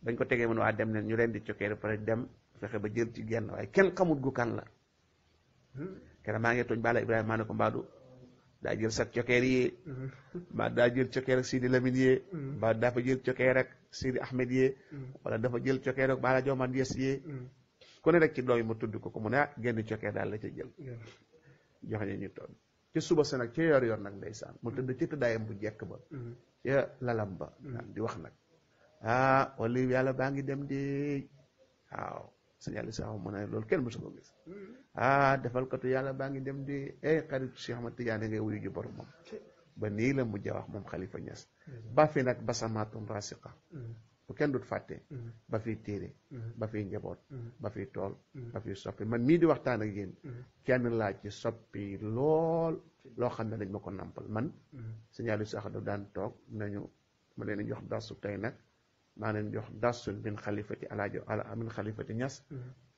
dañ ko tegee mën waa dem ne ñu leen di cokkeer pare dem fexe ba jël ci genn waaye kenn xamut gu kan la kena maa ngi tooñ bala ibrahima maa ne ko mbaadu daa jël sag cokkeer yi mbaa da jël cokkeer ak sidi lamine yi da dafa jël cokkeer ak sidi ahmed yi wala dafa jël cokkeer ak bala joman yes yi ku ne rek ci doy mu tudd ko ko mu ne ah, genn ci ke dal la ci jël jox ñu ñu toon ci suba sa nak ci yor yor nak ndaysan mu tëdd ci tudayam bu jekk ba ya lalam ba mm-hmm. di wax nak ah wali yalla baangi ngi dem waaw sax mu ne kenn mu ko gis mm-hmm. ah defal katu to yalla baangi dem di eh xarit cheikh ahmad tidiane ngay wuyu ju borom mom ba ni la mujj wax mom khalifa ñess ba fi nak basamatun rasiqa bu kenn dut fàtte mm-hmm. ba fiy téere mm-hmm. ba fiy njaboot mm-hmm. ba fiy tool ba fiy soppi man mii di waxtaan ak yéen kenn laa ci soppi lool loo xam ne dañ ma ko nampal man yu daan toog nañu ma leen jox dasu tey nag maa leen jox dasul min xalifati alaajo ala min xalifati ñas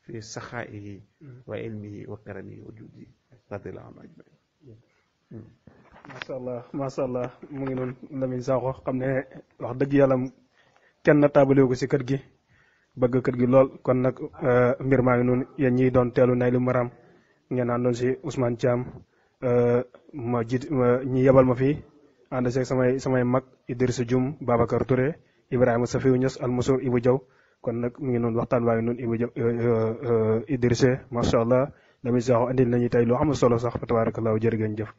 fi saxaa'ihi wa ilmihi wa karamihi wa juddi radiallahu anhu ajmain macha allah macha allah mu ngi noonu Lamine Sakho xam ne wax dëgg yàlla kenn nattaabalewu ko si kër gi bëgg kër gi lool kon nag euh, mbir maa ngi noonu yéen ñiy doon teelu nay lu maram ngeen àndoon ci Ousmane Thiam euh, ma jiit ñi yebal ma fii ànd seeg samay samay mag Idrissa Dioum Babacar Touré Ibrahima Safiou Niass Almasour Ibou jaw kon nag mu ngi noonu waxtaan waaye noonu Ibou Diaw euh, Idrissa macha allah damay saxo andil nañu tey loo xam ne solo sax fa tabaarakallaahu jërë ngeen jëf